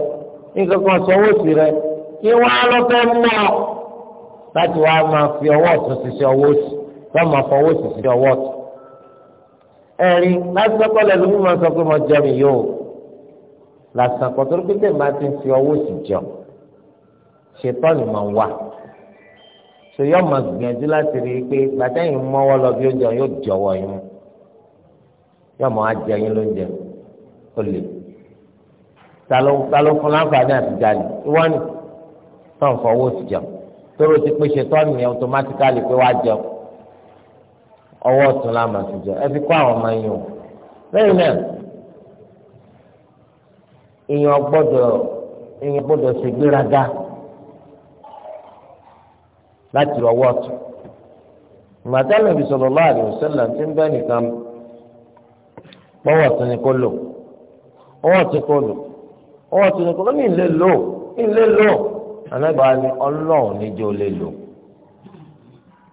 nǹkan kan sọ ọwọ́ òsì rẹ kí wọ́n á lọ́fẹ́ mọ́ ọ láti wá máa fi ọwọ́ ọ̀tún ṣiṣẹ́ ọwọ́ òsì wọ́n máa fọ ọwọ́ òsì ṣiṣẹ́ ọwọ́ ọ̀tún. ẹ̀rín láti sọ́kọ́ lásán kọtọrọ pé bẹ́ẹ̀ máa ti ń fi ọwọ́ sí jẹun ṣètọ́nì máa ń wà so yóò máa gbìyànjú láti rí i pé gbàtẹ́yìn mọ́wọ́ lọ bí oúnjẹ yóò jọ̀wọ́ yín yóò máa jẹ yín lóúnjẹ ó lè ta ló fún láǹfààní àti jalè ìwọ ni tó ń fọwọ́ sí jẹun tóró ti pé ṣètọ́nì yẹn automatically pé wàá jẹun ọwọ́ ọ̀tún la máa jẹun ẹ fi kọ́ àwọn ọmọ yín o lẹ́yìn náà. èèyàn gbọdọ èèyàn gbọ́dọ̀ ṣègbéraga láti lati ọ̀tún màtálà bí sallallahu alaihi wasallam tí nìkan pọwọ ni kó lò ọwọ́ tún kó lò ọwọ tún ni kó lò ní lò lò ni Ọlọ́run níjẹ ò lè lò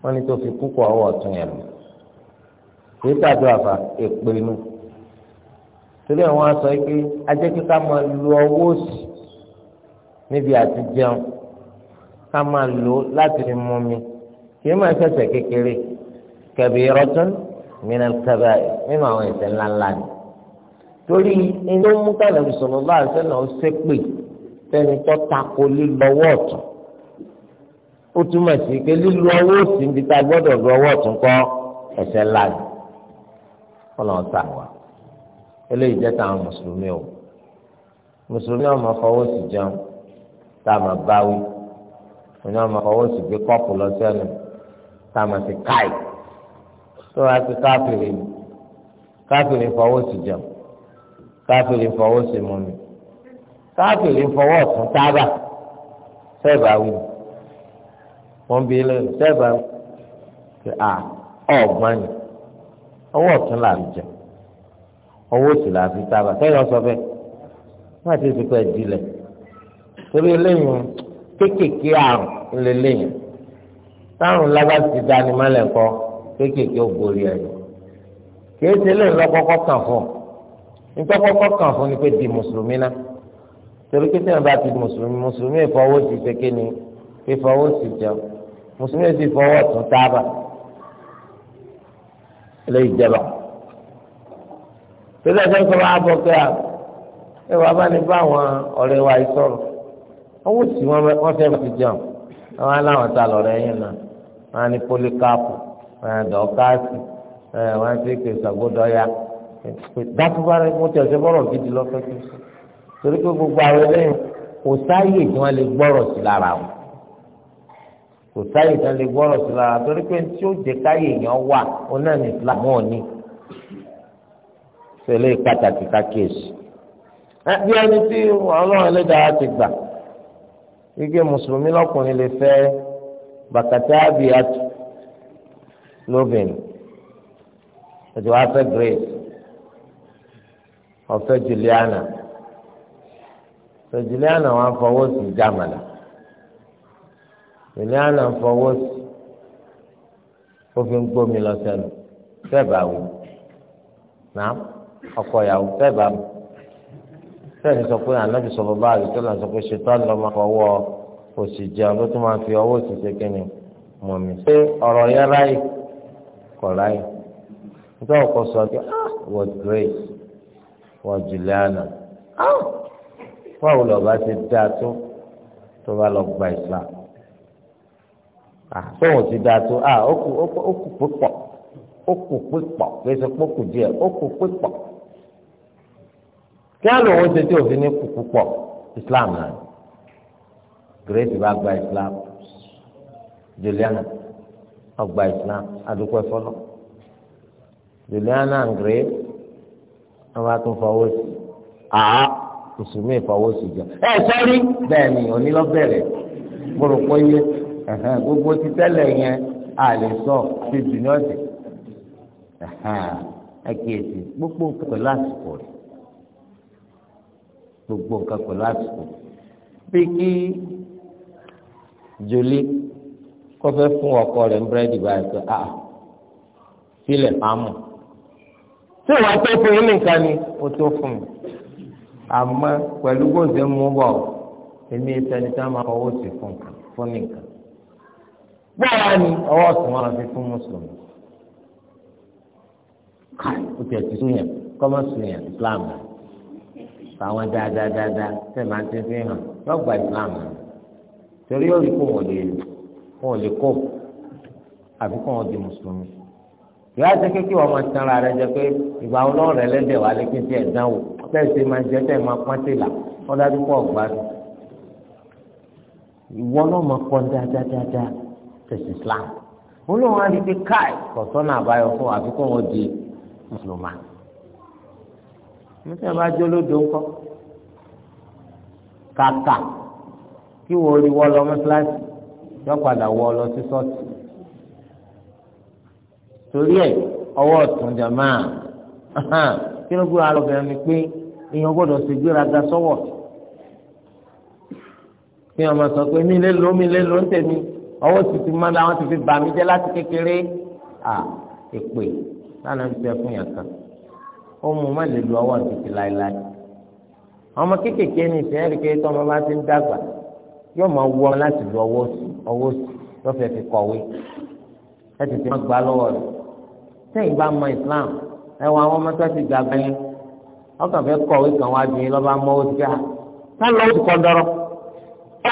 wọn ni tó fi kúkọ ọwọ́ ọ̀tún yẹn lò kí torí àwọn aṣọ yìí pé ajẹ́ pé ká máa lo ọwọ́ òsì níbi àti jẹun ká máa lò ó láti fi mú mi kì í máa ṣẹ̀ṣẹ̀ kékeré kabiratun minal kaba'ir nínú àwọn ẹ̀ṣẹ̀ ńláńlá ni torí inú mú kálẹ̀bù sallallahu alaihi wasallam ṣépè fẹ́ni tó tako lílọ́wọ́ ọ̀tún ó túmọ̀ sí pé lílo ọwọ́ òsì níbi tá a gbọ́dọ̀ lo ọwọ́ ọ̀tún kọ́ ẹ̀ṣẹ̀ ńlá ni ọlọ́run sàwọn eléyìí jẹ́ táwọn mùsùlùmí o mùsùlùmí náà máa fọwọ́ sí jẹun tá a máa báwí òun náà máa fọwọ́ sí gbé kọ́ọ̀pù lọ sẹ́nu tá a máa ti káì tó wá sí káfìrí káfìrí fọwọ́ sí jẹun káfìrí fọwọ́ sí mọ́mi káfìrí fọwọ́ ọ̀tún tábà sẹ́ẹ̀bà wí wọ́n bí lẹ́nu sẹ́ẹ̀bà wí ọ̀gbọ́n ni ọwọ́ ọ̀tún là ń jẹun ọwọ́ sì là fi sábà kẹ́yìn ọ̀sọ́ bẹ́ẹ̀ wọ́n ti ti pẹ́ dilẹ̀ torí eléyìí kéékèèké àrùn lè léyìn táwọn lágbàá ti dání mọ́lẹ̀ kọ́ kéékèèké ò borí ẹ̀yìn kìí ṣe lè lọ́kọ́kọ́ kàn fún un kàn fún ni pé di mùsùlùmí ná torí pé sẹ́yìn bá ti mùsùlùmí mùsùlùmí ìfọwọ́ sí ṣèké ni ìfọwọ́ sí jẹun mùsùlùmí sì fọwọ́ tún tábà lè jẹba tẹ́lẹ̀ fẹ́ sọ wá bọ̀ pé ẹ wàá bá ní bá àwọn ọ̀rẹ́ wa yìí sọ̀rọ̀ owó tí wọ́n fẹ́ fi jẹun àwọn aláwọ̀ ta lọ́rẹ́ yẹn náà wọ́n á ní pólíkáàpù wọ́n á dọ̀ọ́káàsì wọ́n á ti pè sàgbódọ́yà dákúbárẹ́ mo tẹ̀ ṣe bọ́rọ̀ gidi lọ́fẹ́ kí n sọ torí pé gbogbo àwọn ẹlẹ́yìn kò sáyè tí wọ́n lè gbọ́rọ̀ sí lára wọn kò sáyè tí wọ́n lè gbọ́rọ̀ sí lára torí pé tí ó jẹ́ káyè yẹn wà ó náà ní Islam wọn tẹ̀lé pàtàkì kákèsì bí ẹni tí ọlọ́run ẹlẹ́dàá ti gbà ike mùsùlùmí lọ́kùnrin lè fẹ́ bàkàtà àbíyàtú lóbìnrin ẹ̀dùn wá fẹ́ grace ọ̀fẹ́ Juliana ọ̀fẹ́ Juliana wọn fọwọ́ sí jamala Juliana fọwọ́ sí ó fi ń gbómi lọ sẹ́nu fẹ́ náà ọkọ ìyàwó fẹ́ bá mu fẹ́ẹ̀ni sọ pé ànábì sọ̀rọ̀ bá àdìsọ́ là ń sọ pé ṣètọ́ni lọ́ máa fọwọ́ òsì jẹun ló tún máa fi ọwọ́ òsì ṣe kíni mọ̀ mí. ṣé ọ̀rọ̀ yẹn ráyè kọ̀ ráyè nítorí ọkọ sọ pé ah what grace what Juliana ah báwo lọ́ba ti dá tó tó bá lọ gba ìsìlá ah tóun ti dá tó ah ó kù púpọ̀ ó kù pípọ̀ pèsè pókù díẹ̀ ó kù pípọ̀ kí á lòun ṣe tí òfin ní kù púpọ̀ Islam náà Grace ba gba Islam Juliana ọgbà Islam adúpẹ́ fọlọ́ Juliana and Grace wọn bá tún fọwọ́ sí àá ìsúnmí ìfọwọ́ sí jẹ ẹ sọ́rí bẹ́ẹ̀ ni onílọ́bẹ̀rẹ̀ gbọ́dọ̀ pọ́ yé gbogbo ti tẹ́lẹ̀ yẹn a lè sọ ti dùn ẹ kíyèsí gbogbo nǹkan pẹ̀lú àsìkò rẹ̀ gbogbo nǹkan pẹ̀lú àsìkò bí kí jòlí kọ́ fẹ́ fún ọkọ rẹ̀ ń búrẹ́dì báyìí pé a ah, sílẹ̀ pamọ́ tí ìwà tó fún yín nìkan ni ó tó fún mi àmọ́ pẹ̀lú gbòǹsẹ̀ mú bọ̀ èmi ìtẹni tá a máa fọwọ́ sí fún nìkan. báwa ni ọwọ́ sùn wọn fi fún mùsùlùmí káì ó ti ẹ̀sìn sún yẹn kọ́mọ̀ sún yẹn islam àwọn dáadáadáa tẹ̀ máa ti fi hàn yọ gba islam torí ó rí kó wọn lè wọn lè kó àfi kó wọn di mùsùlùmí ìyá ti kékeré wọn máa tẹnra rẹ jẹ pé ìgbà wọn lọrọ ẹlẹ́dẹ̀ wà lẹkìn tí ẹ dánwò bẹ́ẹ̀ ṣe máa jẹ bẹ́ẹ̀ máa pọn sí là wọn dájú pọ gbádùn ìwọ náà máa pọn dáadáa tẹsí islam olóhùn á di pé káì kọsọ́nà àbáyọ fún àfi kó wọn di mùsùlùmá níta bá jẹ́ olódò ńkọ́ kàkà kí wọ́n rí wọ́n lọ mọ́sálásí yọ padà wọ́ lọ sí sọ́ọ̀tì torí ẹ̀ ọwọ́ ọ̀tún jàmá kí ló gbé alọ́bẹ̀rẹ̀ ni pé èèyàn gbọ́dọ̀ sì gbéraga sọ́wọ́ kí wọ́n máa sọ pé mi lé ló mi lé ló ń tẹ̀mí ọwọ́ tuntun máa ń la wọ́n ti fi bà mí jẹ́ láti kékeré à èpè. E lánàá ń bẹ fún yàn kan ó mú má lè lu ọwọ́ títí láéláé ọmọ kéékèèké ní ìfẹ́ ẹ̀ríkẹ́ tọ́mọ bá ti ń dàgbà yóò máa wú ọmọ láti lu ọwọ́ sí ọwọ́ sí lọ́fẹ̀ẹ́ fi kọ̀wé ẹ tètè má gbà lọ́wọ́ rẹ̀ sẹ́yìn bá mọ Islam ẹ wọ àwọn ọmọ tó ti dàgbà yẹn ọkàn fẹ́ kọ̀wé kan wá bí lọ́ba mọ́wó ti ká sálọ ó ti kọ́ dọ́rọ́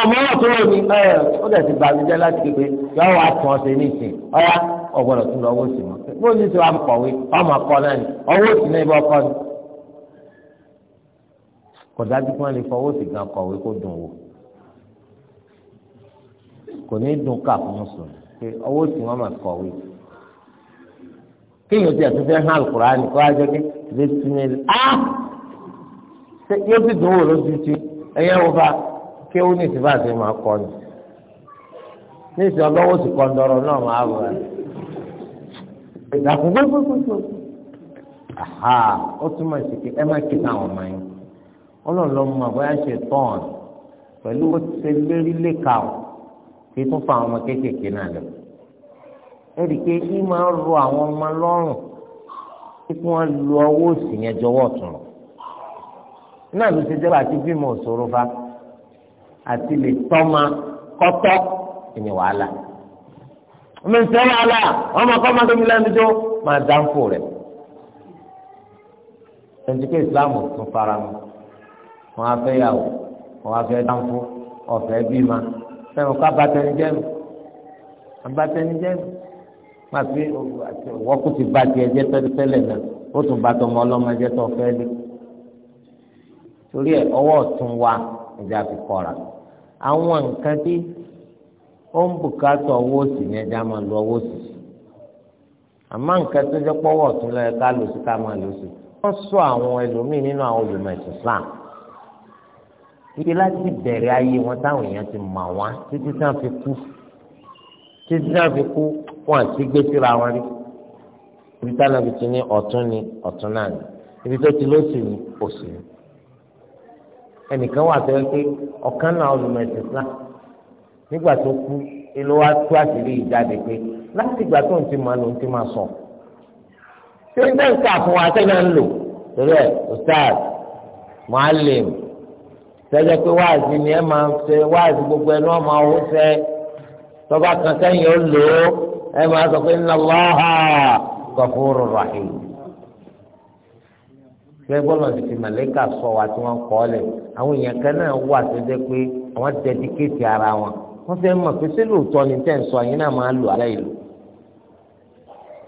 ọmọ náà tó wọ̀ ní ẹ ó dẹ̀ ti bàbí jẹ́ láti kékeré yọ wá tún ọ̀sẹ̀ ní ìsìn ọ̀yá ọgbọ́dọ̀ tún lọ owó sí mọ́ bó ní tí wàá kọ̀wé ọmọ kọ náà ni ọwọ́ sí náà ibà kọ́ ni. kò dájú kí wọ́n lè fọwọ́ sí gan kọ̀wé kó dùn wò kò ní dùn ká fún sùn pé ọwọ́ sí wọn mà kọ̀wé. kéèyàn ti àtúntò hàn Al-Kùránì kó wá jẹ́ lè tún ní ilé ah yóò ti dùn wò lójú ti ẹ̀yẹ wò bá kí ó ní ìsìnbáṣe máa kọ́ ni ní ìsìn ọlọ́wọ́ sí kọ́ ń dọ̀rọ̀ náà máa bọ̀ ẹ́ ìdàkùn gbogbogbò aha ó túmọ̀ sí pé ẹ má kí táwọn ọmọ yín ọlọ́ọ̀lọ́ mọ bóyá ṣe tán pẹ̀lú ó ti lérí léka o kí tún fa àwọn ọmọ kéékèèké náà lọ ẹ rí i pé kí máa ń ro àwọn ọmọ lọ́rùn kí wọ́n lu ọwọ́ òsì yẹn jọwọ́ ọ̀tún lọ náà ló ṣe jẹ́wọ́ àti bímọ òṣòro fa àti lè tọ́ ma kọ́tọ́ ìní wàhálà ọmọ ìsẹ́yìn àlà ọmọ akọ́ máa tóbi lẹ́nu tó máa dá ń fò rẹ̀. ẹnìkẹ́ ìsìláàmù tún fara mọ́ wọn á fẹ́ yàwó wọn á fẹ́ dánfó ọ̀fẹ́ bímá fẹ́ràn ká bàtẹ́ni jẹ́nu àbàtẹ́ni jẹ́nu máa fi wọ́kù ti bá tiẹ̀ jẹ́ tẹ́lẹ̀ náà ó tún bá tọmọ ọlọ́mọ jẹ́ tó fẹ́ lé torí ẹ̀ ọwọ́ ọ̀tún wa ìjà fi kọ̀ra àwọn nǹkan tí ó ń bùkátà ọwọ́ òsì ní ẹja máa lo ọwọ́ òsì àmọ́ nǹkan tó jẹ́ pọ́wọ́ ọ̀tún lọ́yẹ ká lò sí ká máa lò sí wọ́n sọ àwọn ẹlòmíín nínú àwọn olùmọ̀ ẹ̀sìn Islam ibi láti bẹ̀rẹ̀ ayé wọn táwọn èèyàn ti mọ̀ wọ́n títí tí wọ́n fi kú títí tí wọ́n fi kú wọn àti gbé síra wọn rí ibi táwọn ibi ti ní ọ̀tún ni ọ̀tún náà ni ibi tó ti lóṣù ni òsì ni ẹnìkan wà tó yẹ pé ọ̀kan náà olùmọ̀ ẹ̀sìn Islam nígbà tó kú èlò wa tú àṣírí ìjáde pé láti ìgbà tó ń ti máa lò ń ti máa sọ ṣé ń bẹ́ẹ̀ ń kà fún wa sẹ́yìn ń lò torí ẹ̀ ustaz muallim sẹ́jẹ́ pé wáàzì ni ẹ máa ń ṣe wáàzì gbogbo ẹ̀ ní wọ́n máa ń ṣe tọ́ba kan sẹ́yìn ó lò ó ẹ máa sọ pé inna Allaha ghafurur rahim fẹ bọlọ ti fi màlẹka sọ wa tí wọn kọ ọ lẹ àwọn èèyàn kan náà wà tó pé àwọn wọ́n fẹ́ mọ̀ pé sílò tọ́ ni tẹ́ ń sọ yín náà máa lò aláìlò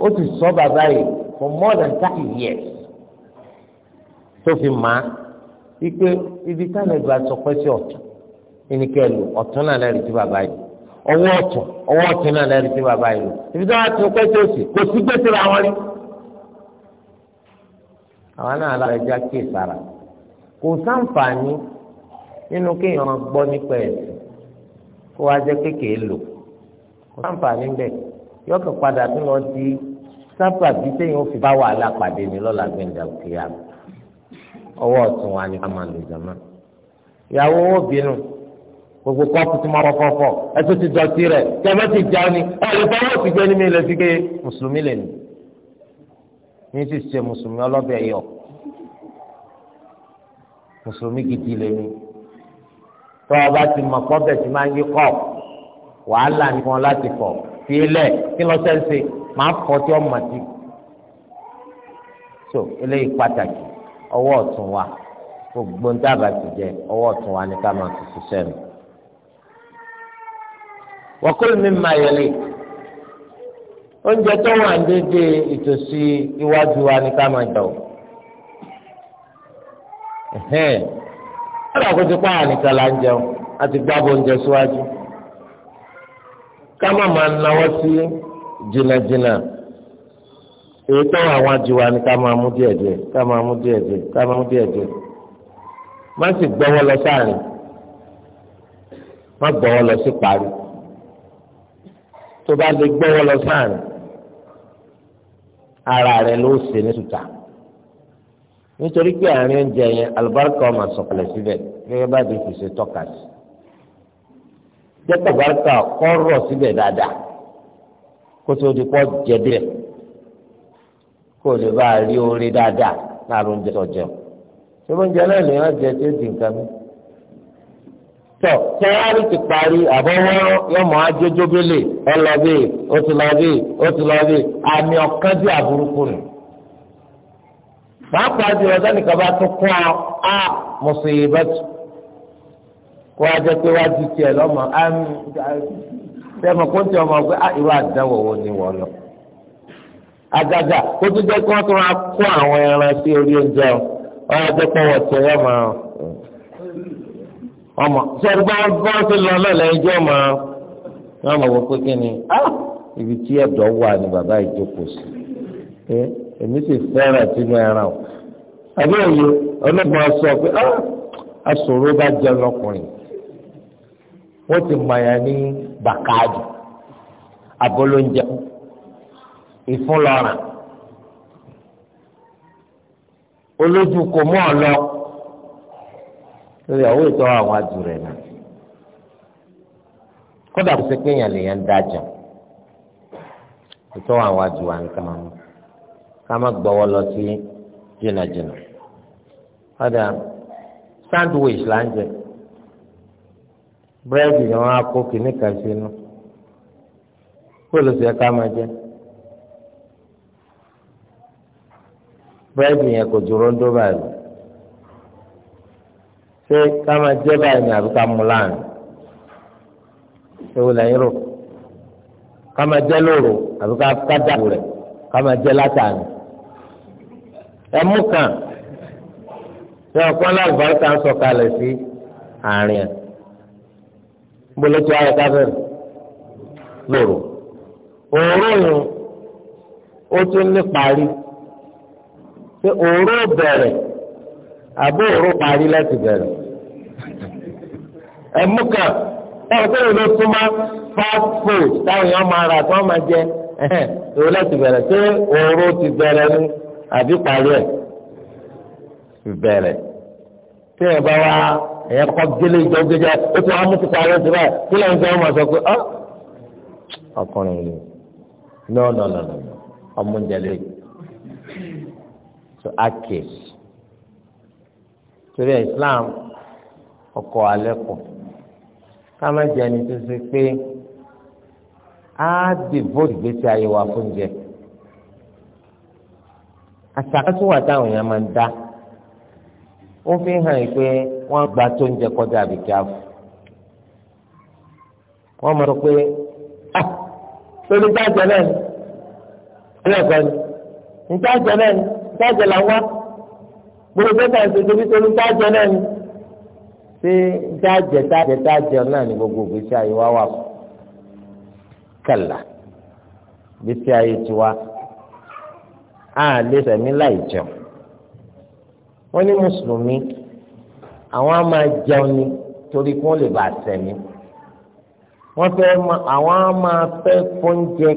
ó ti sọ bàbá yìí for more than thirty years tó fi mà á wípé ibi táwọn ẹgbẹ́ àtọ́pẹ́ sí ọ̀tún ìníkẹ́lù ọ̀tún náà lẹ́rìí sí bàbá yìí ọwọ́ ọ̀tún ọwọ́ ọ̀tún náà lẹ́rìí sí bàbá yìí ibi táwọn àtọ́pẹ́ sí òsì kò sí gbèsè ra wọn rí. àwọn náà lára ẹja kíyèsára kò sáǹfààní nínú kéèyàn gbọ́ nípa ẹ̀sìn kó wá jẹ́ kékeré lò kó sáǹfààní ń bẹ̀ yọkàn padà tó lọ di sábà bíi téèyàn fi bá wàhálà pàdé ní lọ́la gbẹ̀ǹdà òkè yá ọwọ́ ọ̀tún wa ni ká máa lò jọ̀mọ́ ìyàwó owó bínú gbogbo kọ́ọ̀pù tí mo rọ́kọ́ fọ́ ẹtú ti dọ̀tí rẹ̀ jẹ́mọ́ ti já ni ọ̀lẹ́ fọwọ́ ti gbé ní mi lè fi gé mùsùlùmí lè ní ní ti mùsùlùmí ọlọ́bẹ̀ yọ mùsùlùmí gidi lè ní tó o bá ti mọ̀ pọ́bẹ̀ tí máa ń yí kọ́ wàhálà nìkan láti fọ̀ fi lẹ̀ kí lọ sẹ́ńsẹ̀ máa fọ́ tí ọ mọ̀ sí. so eléyìí pàtàkì ọwọ́ ọ̀tún wa gbogbo ní tábà ti jẹ ọwọ́ ọ̀tún wa ní ká máa fi ṣiṣẹ́ mi. wọ́kùn mi máa yẹlé oúnjẹ tó wà ń dédé ìtòsí iwájú wa ní ká máa jẹ o kọ́dà kó ti pa ànìkan là ń jẹun àti gbábọ̀ oúnjẹ síwájú. ká má máa náwó sí jìnnàjìnnà èyí tó àwọn àjùwà ni ká máa mú díẹ̀díẹ̀ ká máa mú díẹ̀díẹ̀ ká máa mú díẹ̀díẹ̀ má sì gbọ́wọ́ lọ sáàrin má gbọ́wọ́ lọ sí parí tó bá lè gbọ́wọ́ lọ sáàrin ara rẹ̀ ló ṣe ní tuta nítorí pé àárín oúnjẹ yẹn alùbáríkà ọmọ sọ̀kalẹ̀ síbẹ̀ gẹ́gẹ́ bá ti fi ṣe tọ́ka sí jẹ́pọ̀ alùbáríkà kọ́ rọ̀ síbẹ̀ dáadáa kó tó di pọ́ jẹ́dẹ̀ kó lè bá a rí orí dáadáa láàrin oúnjẹ tó jẹun ṣé oúnjẹ náà lè wọ́n jẹ tí ó di nǹkan mi. tọ́ tẹ́wárí ti parí àbọ̀wọ́rọ́ yóò mọ ajójóbélé ọlọ́bí ó ti lọ ó ti lọ àmì ọ̀kan bí àbúrúkú nù pàápàá jùlọ sẹ́nìkan bá tún kún ọ á musibatu kó a jẹ pé wájú tiẹ̀ lọ́mọ sẹ́mi kó tiẹ̀ ọmọ pé ìwà àdáwò ni wọ́n lọ. àgàgà kó tó jẹ́ kí wọ́n tún máa kó àwọn ẹran sí orí oúnjẹ o wọ́n á jẹ́ pé wọ́n tiẹ̀ yọ máa ọmọ sẹ́ni bá bá ń fi lọ lọ́lẹ̀ ẹjọ́ máa wọ́n pé kí ni ah, ibi tí ẹ̀dọ̀ wà ni bàbá ìjókòó sí èmi sì fẹ́ràn sínú ẹran o àbí òye ọlọ́gbọ́n sọ pé ah, aṣòro bá jẹ ọlọ́kùnrin wọ́n ti mọ̀yà ní bàkáàdì abolóúnjẹ ìfúnlọ́ràn olójú kò mọ́ ọ lọ lórí àwọn ètò àwọn àdùrẹ̀ náà kódà kó sẹ́kẹ́ yẹn lè yẹn dájà ètò àwọn àdùrẹ̀ nǹkan mọ́ ká má gbọ́wọ́ lọ sí jìnnàjìnnà ọ̀dà sandwich là ń jẹ búrẹ́dì ni wọ́n á kó kìíní kan sínú bóòlù sí ẹ ká máa jẹ búrẹ́dì yẹn kò dúró ń dó báyìí ṣé ká máa jẹ báyìí ni àbí ká mú láàrin ewu lẹ́yìn rò ká máa jẹ lóru àbí ká dàbò rẹ̀ ká máa jẹ látàrin ẹmú kan tí wọn kọ́ lálùbáríkà ń sọ kalẹ̀ sí àárín ẹ̀ gbọ́dọ̀ tí ayọ̀ káfẹ́ lòrò òórùn ó tún ní parí pé òórùn bẹ̀rẹ̀ àbó òórùn parí láti bẹ̀rẹ̀ ẹmú kan ẹ̀kọ́ ìlú súnmọ́ fast food táwọn èèyàn máa rà tí wọ́n máa jẹ ẹ̀hẹ́n ìwé láti bẹ̀rẹ̀ ṣé òórùn ti bẹ̀rẹ̀ ni àbí parí ẹ̀ bẹ̀rẹ̀ tí ẹ bá wá ẹ̀yẹ kọ́ gélé ìjọ gẹ́gẹ́ ó ti wá mú ti parí ẹ̀ síbẹ̀ kí lẹ́yìn tí wọ́n sọ pé ah, ọkùnrin yìí no no no no ọmọ oúnjẹ so ake torí Islam ọkọ alẹ kọ kámẹjẹ ni tó ṣe pé á devote gbèsè ayé wa fún jẹ àṣàkóso wà táwọn èèyàn máa ń dá ó fi hàn yìí pé wọ́n gba tó ń jẹ kọjá àbíkí àfọ wọ́n mọ̀ pé ah lórí dájọ́ náà ni ẹlẹ́gbẹ́ ni dájọ́ náà ni dájọ́ là ń wá gbogbo ẹ̀ka ìṣèjọba nítorí dájọ́ náà ni ṣé dájẹ́ dájẹ́ dájọ́ náà ni gbogbo ìgbésí ayé wa wà kàlà ìgbésí ayé tiwa a lè sẹ̀mí láì jẹun wọ́n ní mùsùlùmí àwọn á máa jẹun ni torí kí wọ́n lè bá sẹ̀mí wọ́n fẹ́ àwọn á máa fẹ́ fóúnjẹ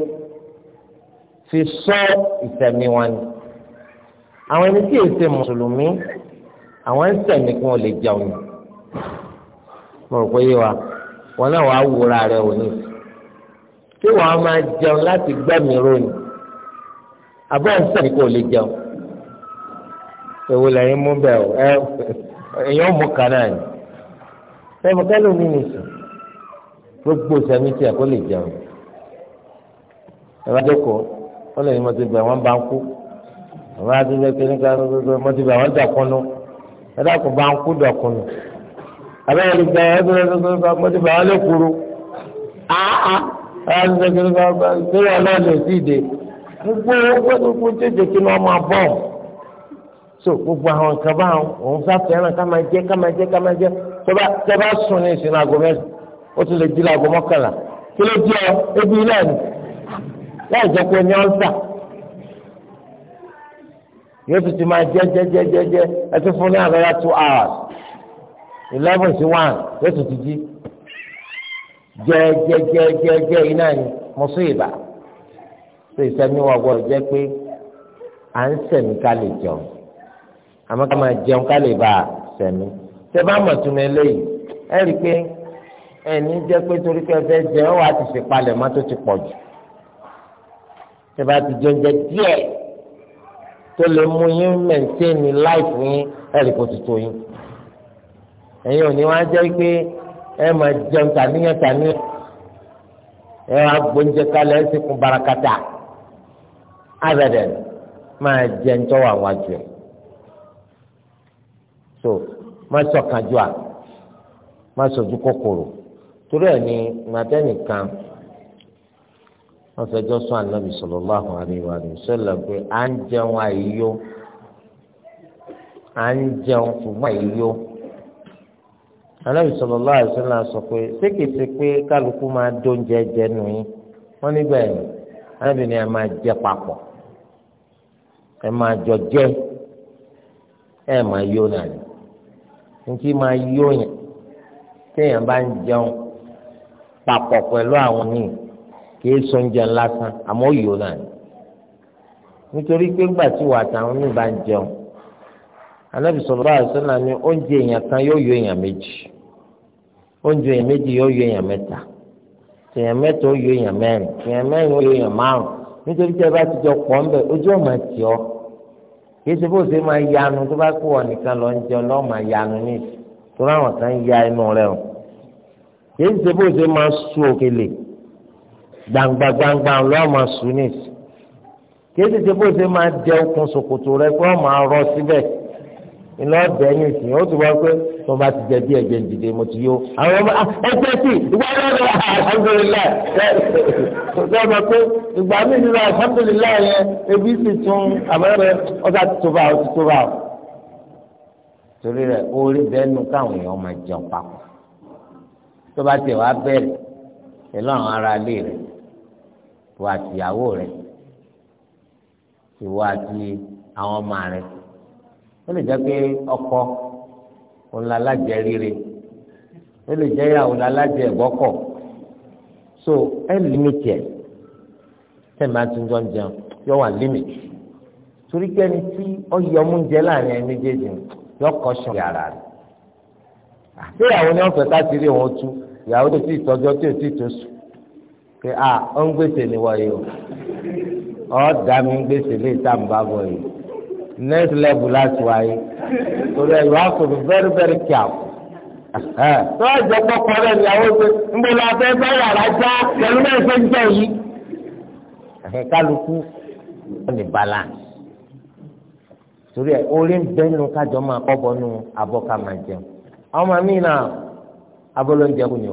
fi sọ ìsẹ̀mí wọn ni àwọn ẹni tí èsè mùsùlùmí àwọn ń sẹ̀mí kí wọ́n lè jẹun ni mo rò pé yé wa wọn náà wàá wúra rẹ òní tí wọ́n á máa jẹun láti gbẹ́mìí rónìí àbọ̀ ń sàn kó lè jẹun èwo lẹ́yìn mú bẹ́ẹ̀ o ẹ èèyàn mú kan náà ni sẹ́mi kẹ́lò mi nìsí gbogbo sẹ́mi tí a kò lè jẹun ẹ bá dẹ́kọ̀ ó lè ní mo ti bẹ̀ wọ́n bá ń kú àwọn àti bẹ́ẹ̀ kí ní ká mo ti bẹ̀ wọ́n dàkúnnú ẹ dákun bá ń kú dàkúnnú abẹ́rẹ́ lè gbẹ ẹ bẹ́ẹ̀ lọ́sọ̀rọ̀ mo ti bẹ̀ wọ́n lé kuru áá ẹ gbogbo owó gbogbo jẹjẹ kí ni wọn máa bọ so gbogbo àwọn nǹkan bá òun sáfẹ́ràn ká máa jẹ ká máa jẹ ká máa jẹ tọba tọba sùn ní ìsìn àgọ mẹ́sàn ó tún lè jí làgọ mọ́kànlá kí ló jẹ ebi náà ni láì jẹ pé ní ọ́nsà yóò fi ti máa jẹ jẹ jẹ jẹ jẹ ẹ ti fún ní another two hours eleven sí one yóò tún ti jí jẹ jẹ jẹ jẹ jẹ iná ni mo sún ìbà ṣe ìsẹ́mi wa gbọ́dọ̀ jẹ́ pé à ń sẹ̀mí ká lè jẹun àmọ́ ká máa jẹun ká lè bá a sẹ̀mí ṣé bá mọ̀ tún eléyìí ẹ rí i pé ẹni jẹ́ pé torí pé ẹ fẹ́ jẹun wàá ti ṣèpalẹ̀ mọ́ tó ti pọ̀ jù ṣé bá ti jẹun jẹ díẹ̀ tó lè mú yín mẹ̀ntẹ́ẹ̀nì láìfù yín ẹ̀rì kò tuntun yín. ẹ̀yin ò ní wá jẹ́ pé ẹ máa jẹun tàníyàn tàníyàn ẹ wá gbóúnjẹ kalẹ̀ ẹ sì kún barakata. abadan máa jẹ ń tọ́wọ́ àwọn àjọ ẹ̀ so má sọ̀kanjú à má sọ̀jú kòkòrò torí ẹ̀ ní kan wọ́n fẹjọ́ sún ànábì sallallahu alaihi wa sallam pé à ń jẹun àìyó à ń jẹun ṣùgbọ́n àìyó ànábì sallallahu alaihi wa sọ pé sékèsè pé kálukú máa dóúnjẹ jẹ nù yín wọ́n ànábì ni a máa jẹ papọ̀. ẹ máa jọ jẹ ẹ máa yó náà ni nkí máa yó yẹn téèyàn bá ń jẹun papọ̀ pẹ̀lú àwọn míì kìí sọ lásán àmọ́ yó náà ni nítorí pé ńgbà tí wàá tàwọn míì bá ń jẹun Ànábì sallallahu alaihi wasallam ni oúnjẹ èèyàn kan yóò yó èèyàn méjì oúnjẹ èèyàn méjì yóò yó èèyàn mẹ́ta èèyàn mẹ́ta ó yó èèyàn mẹ́rin èèyàn mẹ́rin ó yó èèyàn márùn nítorí tí ẹ bá ti jọ pọ̀ ń bẹ̀ ojú ọ̀mà tì ọ́ kìí ṣe bó ṣe máa yanu tó bá kó wọn nìkan lọ ń jẹun lọ́ọ́ máa yanu ní torí àwọn kan ya inú rẹ o kìí ṣe bó ṣe máa sùn òkèlè gbangba gbangba lọ́ọ́ máa sùn ní kìí ṣe ṣe bó ṣe máa jẹ okùn ṣòkòtò rẹ pé wọ́n máa rọ síbẹ̀ ìlọ́ọ̀dẹ́ ní ìsìn ó ti wá pé tó bá ti jẹ bí ẹ̀jẹ̀ ń dìde mo ti yó àwọn ọmọ ah, ẹgbẹ́ sí ìgbà náà lọ alhamdulilayi ṣe ọmọ pé ìgbà mi ni lọ alhamdulilayi yẹn ebi sì tún àbẹ̀rẹ̀ ọ̀sà tó bá ọ ti tó bá ọ. torí rẹ̀ orí bẹ́ẹ̀ nu káwọn èèyàn máa jẹun papọ̀ tó bá tiẹ̀ wá bẹ̀rẹ̀ pẹ̀lú àwọn ará ilé rẹ̀ ìwọ àtìyàwó rẹ̀ ìwọ àti àwọn ọmọ rẹ̀ ó lè jẹ́ pé ọkọ òun la lájẹ rire ó jẹ ìyàwó la lájẹ ìgbọ́kọ̀ so ẹ límìtì ẹ tẹ máa tún jọ ń jẹun yọ wà límìtì torí pé ẹni tí ó yọ láàrin ẹni méjèèjì yọ kọ sùn yàrá rẹ àti ìyàwó ni wọn fẹ káàtì rí òun tú ìyàwó tó ti tọjọ tí ò ti tó sùn pé a ó ń gbèsè níwọ̀nyí o ọ̀ dá mi ń gbèsè lè tàǹbà bọ̀ yìí next level láti wáyé torí ẹ̀rọ àkùrù very very careful. tó a jẹ kọ́kọ́ rẹ̀ ìyàwó ṣe ń bọ̀ lọ abẹ́ bá yàrá já pẹ̀lú náà ṣe ń jẹ́ yìí. kálukú wọ́n ní balance. torí ẹ̀ orí ń bẹ́ nu kájọ máa kọ́ bọ́ nu abọ́ ká máa jẹun. àwọn ọmọ mi náà abọ́ ń jẹun ni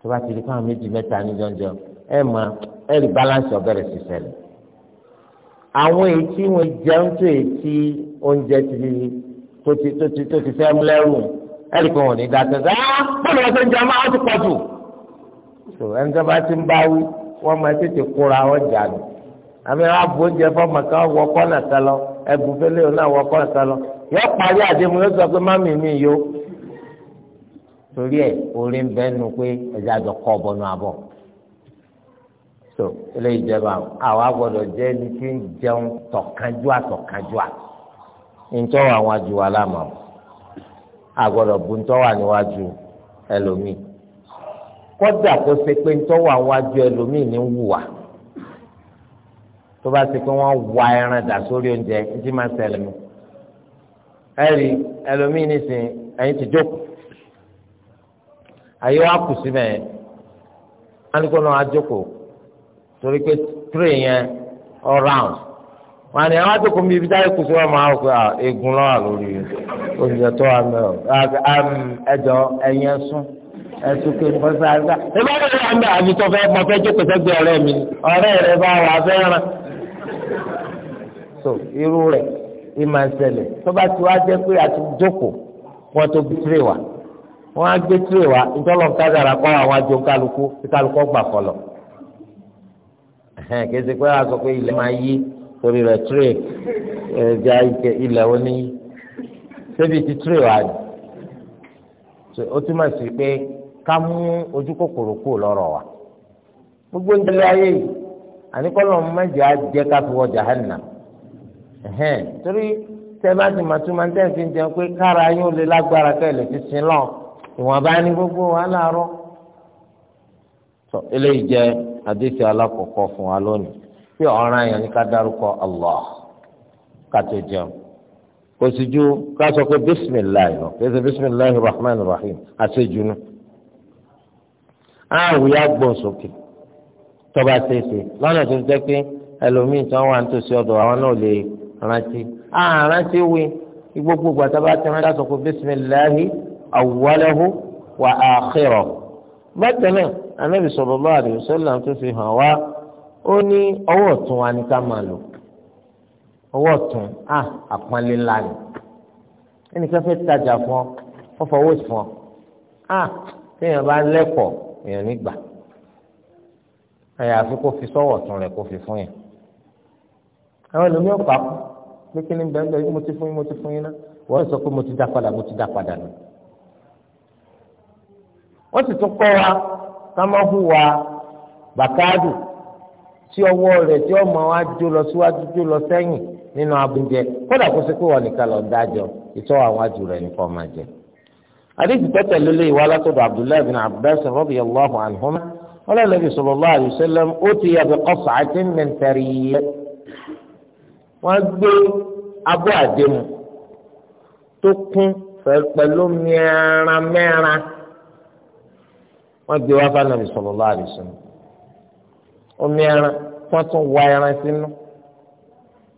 tó bá ti di fáwọn méjì mẹ́ta ní jọ́njọ́ ẹ̀ máa ẹ̀ rí balance ọ̀bẹ̀rẹ̀ sí ṣẹlẹ̀ àwọn èyí tí wọ́n jẹun tó èyí tí oúnjẹ ti tó ti tó ti tó ti fẹ́ mú lẹ́rù ẹ̀rí kan ò ní dá tẹ̀sán á bọ́ọ̀lù ọ̀sẹ̀ ń jẹ́ ọmọ àwọn ti pọ̀ jù. tó ẹni tó bá ti ń bá wí wọ́n máa tètè kóra wọn jà nù àmì wọn abo oúnjẹ fọmọ kan wọ kọ́nà kan lọ ẹbùn fẹlẹ́ òun náà wọ kọ́nà kan lọ yọ parí àdéhùn yóò sọ pé má mi mi yó torí ẹ orin bẹ́ẹ̀ nu pé ẹ̀jẹ̀ àjọ kọ́ ọ̀bọ̀nù àbọ̀ so eléyìí jẹba àwọn àgbọ́dọ̀ jẹ ẹni tí ń jẹun tọkànjúà tọkànjúà ntọ́ wà wájú wa lámà o àgọ́dọ̀ bu ntọ́ wà níwájú ẹlòmíì kọ́dà kó ṣe pé ntọ́ wà wájú ẹlòmíì ni wù wá tó bá ṣe pé wọ́n wá ẹran dà sórí oúnjẹ ntí máa ṣẹlẹ̀ mi ẹ̀rí ẹlòmíì nísìn ẹ̀yin ti jókòó àyè wa kù sí mẹ́ẹ̀ alukó náà torí pé tírè yẹn all round wọn àni àwọn àti kòmí ibi táyé kùsùn wọn máa kó egun lọ́wọ́ lórí oúnjẹ tó wà mẹ́rọ ẹjọ ẹyin ẹsùn ẹsùn kí nǹkan sáré sá. ìbá mi lè wà àmì tó fẹ́ mọ fẹ́ jókòó sẹ́gbẹ́ ọ̀rẹ́ mi ọ̀rẹ́ rẹ bá wà fẹ́ràn. so irú rẹ̀ ìmọ̀ ìṣẹ̀lẹ̀ tó bá ti wá jẹ́ pé àti jókòó wọn tó bí tirẹ̀ wá wọn á gbé tirẹ̀ wá ìtọ́lọ̀ kádàrà kọ́ àwọn àjò kálukú kí kálukú gbà fọlọ̀ kí torí rẹ̀ tray ẹ̀ẹ́dì àìkẹ́ ilẹ̀ oní ṣébi ti tray wà ní. ó túmọ̀ sí pé ká mú ojú kòkòrò gbogbo ń tẹ̀lé ayé yìí àníkọ́lọ́ mẹ́jọ jẹ́ ká fi wọ jahanna torí tẹ́lẹ́tì màtúmọ̀ ń tẹ́sí ń pé kára yóò lè lágbára kẹ́ lè fi sin lọ ìwọ̀nba ní gbogbo wa láàárọ̀. eléyìí jẹ́ àdéhùn alákọ̀ọ́kọ́ fún wa lónìí. pé ọ̀ràn yẹn ni ká dárúkọ Allah ká tó jẹun kò sì ju ká sọ pé bisimilahi lọ kí ẹsẹ bisimilahi rahman rahim àṣejù nù àwùyí agbọ̀n sókè tọba ṣeéṣe lọ́nà tó ń jẹ́ pé ẹlòmíì tí wọ́n wà nítòsí ọ̀dọ̀ àwọn náà lè rántí àrántí wí gbogbo gbàtà bá ti rántí àsọkò bísímìláhi awwalahu wa akhirahu. bákan náà anábì sallallahu alaihi wasallam tó fi hàn wá ó ní ọwọ́ ọ̀tún wa ni ká máa lò ọwọ́ ọ̀tún à ah, àpọ́nlé ńlá ni ẹnìkan fẹ́ tajà fún ọ wọ́n fọwọ́ sí fún ọ à ah, téèyàn bá lẹ́kọ̀ọ́ èèyàn nígbà àyàfi kó fi sọ́wọ́ ọ̀tún rẹ̀ kó fi fún yẹn àwọn ènìyàn pa kú pé kí ni bẹ́ẹ̀ bẹ́ẹ̀ mo ti fún yín mo ti fún yín náà wọ́n sọ pé mo ti dá padà mo ti dá padà nù wọ́n sì tún kọ́ wa ká má hùwà bàkáàdù tí ọwọ́ rẹ̀ tí ọmọ wa jó lọ síwájú jó lọ sẹ́yìn nínú abúnjẹ kódà kó sí pé wọn nìkan lọ dájọ ìtọ́ àwọn àjù rẹ̀ nìkan máa jẹ. àdéhùn tẹ́tẹ̀ lólè ìwà látọ̀dọ̀ abdullahi bin abbas radiyallahu anhuma ọlọ́ọ̀lẹ́bí sallallahu alayhi wa sallam ó ti yàgbé ọ̀sà àti mẹ́ntẹ́rì yẹ. wọ́n gbé abọ́ àdéhùn tó kún pẹ̀lú mẹ́ran mẹ́ran wọ́n gbé wá fún anabi sallallahu alayhi wa sallam omi ẹran wọ́n tún wá ẹran sínú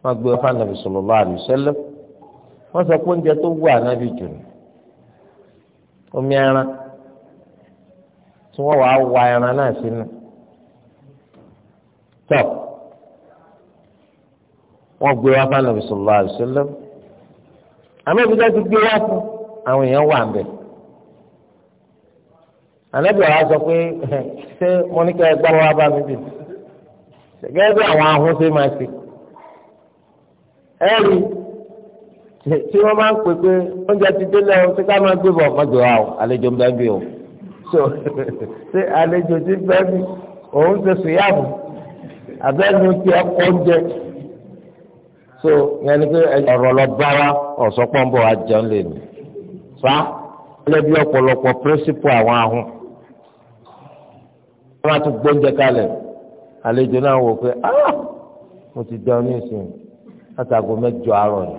wọ́n gbé ọfà nàbì sallallahu alaihi wasallam wọ́n sọ pé oúnjẹ tó wù ànábì jù ní omi ẹran tí wọ́n wàá wá ẹran náà sínú tọ́ wọ́n gbé ọfà nàbì sallallahu alaihi wasallam àmọ́ ìbí dájú gbé wá fún àwọn èèyàn wà ń ànábì wa sọ pé ṣé mo ní kí ẹ wá bá mi bì gẹ́gẹ́ bí àwọn ahọ́n ṣe máa ṣe ẹ̀rí tí wọ́n máa ń pè pé oúnjẹ ti délé o tí ká máa gbé bọ̀ ọ̀kan jọ wa o àlejò ń bẹ́ẹ̀ bí o so *laughs* ṣé àlejò ti bẹ́ẹ̀ bí òun ṣe sùyàbù abẹ́nu ti ẹ̀kọ́ oúnjẹ so yẹn ni pé ọ̀rọ̀ lọ bára ọ̀sọ́pọ̀ ń bọ̀ wá jẹun lè nù fa lẹ́bi ọ̀pọ̀lọpọ̀ pírísìpù àwọn ahọ́n wọ́n á tún gbóúnjẹ kalẹ̀ àlejò náà wò pé ah, mo ti dán ní ìsìn láti aago mẹ́jọ àárọ̀ ni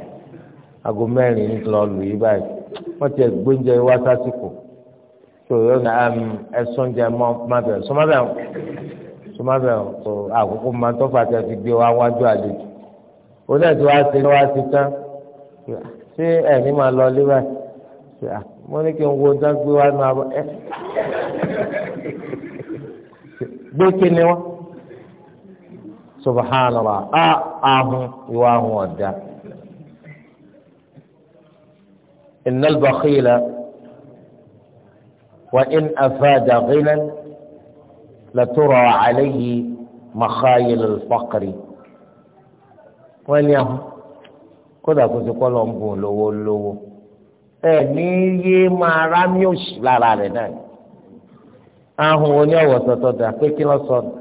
aago mẹ́rin ní lọ lù yí báyìí wọ́n ti gbóúnjẹ wá sásìkò tó yọ ní ẹ̀sùn jẹ mọ́ mábẹ́ sọmábẹ́ ọ̀ sọmábẹ́ ọ̀ tó àkókò máa tó fàtẹ́ fi gbé wá wájú àlejò oní ẹ̀sìn wá sí wá sí tán ṣé ẹ̀ní máa lọ lé báyìí ah, mo ní kí n wo dágbé wá nù abọ́ ẹ gbé kí ni wọ́n. subhanallah a ahun ìwà ahun ọ̀dà. إن البخيل وإن أفاد غنى لترى عليه مخايل الفقر wọ́n ní ahun kódà kó ti kọ́ lọ́n bùn lówó lówó ẹ ní yé máa rámí òṣì lára rẹ̀ náà ahun oní ọ̀wọ̀ tọ̀tọ̀ dà pé kí lọ́sọ̀dọ̀.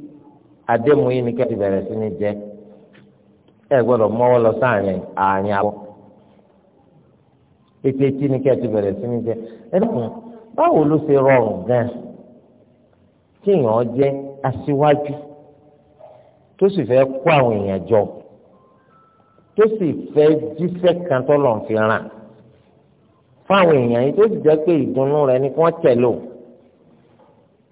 àdéhùn yìí ni kẹ́tì bẹ̀rẹ̀ sí ní jẹ́ ẹ gbọ́dọ̀ mọ́wọ́ lọ sáàrin àárín àwọ̀ ètò etí ni kẹ́tì bẹ̀rẹ̀ sí ní jẹ́ ẹ̀dùn báwo ló ṣe rọrùn gan tí èèyàn jẹ́ aṣíwájú tó sì fẹ́ kó àwọn èèyàn jọ tó sì fẹ́ jíṣẹ́ kan tọ́lọ̀ ń fi ràn fáwọn èèyàn yìí tó sì jẹ́ pé ìdùnnú rẹ ni kí wọ́n tẹ̀ lóò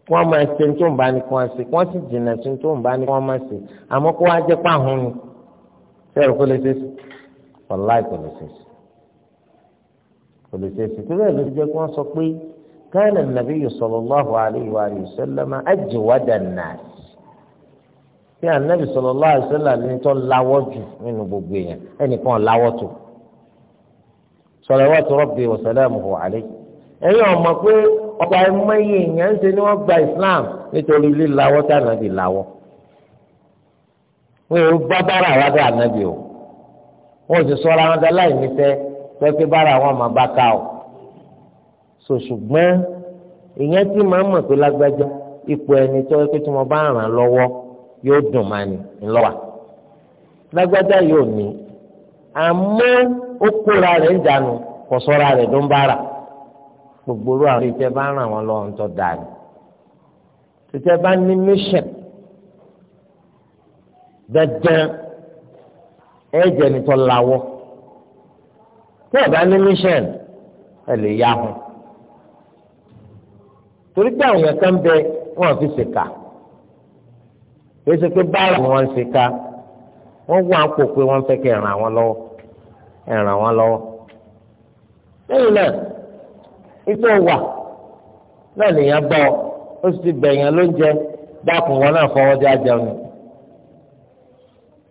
kí wọ́n máa ṣe tó ń bá ní kí wọ́n ṣe kí wọ́n sì jìnnà sí tó ń bá ní kí wọ́n máa ṣe àmọ́ kó wá jẹ́ pàhùn ni sẹ́rù kó lè ṣe sí wàláì kò lè ṣe sí kò lè ṣe sí torí ẹ̀ ló jẹ́ kí wọ́n sọ pé káyọ̀nà nàbí sallallahu alayhi wa sallam ajwada an-nas bí tó láwọ́ jù nínú gbogbo èèyàn ẹnìkan láwọ́ tó salawatu rabbi wa salamuhu alayhi ẹ̀yin ọmọ pé ọba ẹmọye èèyàn ṣe ni wọ́n gba islam nítorí lílawọ́ tí ànábì lawọ́ wọn ò bá bára wa ànábì o wọn ò sì sọra wọn dá láì níṣẹ́ pẹpẹ bára wọn máa bá ká o so ṣùgbọ́n èèyàn tí màá mọ̀ pé lágbájá ipò ẹni tó pé tí mo bá ràn lọ́wọ́ yóò dùn máa ní ńlọ́wà lágbájá yóò ní àmọ́ ó kóra rẹ̀ ń dànù kò sọ́ra rẹ̀ ló ń bára gbogbo ru àwọn ìtẹ́ bá ràn wọ́n lọ́wọ́ ń tọ́ da ni títẹ́ bá ní mission dandan ẹ jẹ́ nítọ́ lawọ́ tẹ́ ẹ bá ní mission ẹ lè yá hùn torí pé àwọn èèyàn kan bẹ wọn fi ṣèkà èyí ṣe pé báyìí ni wọ́n ń ṣèkà wọ́n wá pé wọ́n fẹ́ kẹ́ ẹ ràn wọ́n lọ́wọ́ ẹ ràn wọ́n lọ́wọ́ lẹ́yìn náà ipò wà náà nìyẹn bọ ó sì ti lóúnjẹ dákun wọn náà fọwọ́ já jẹun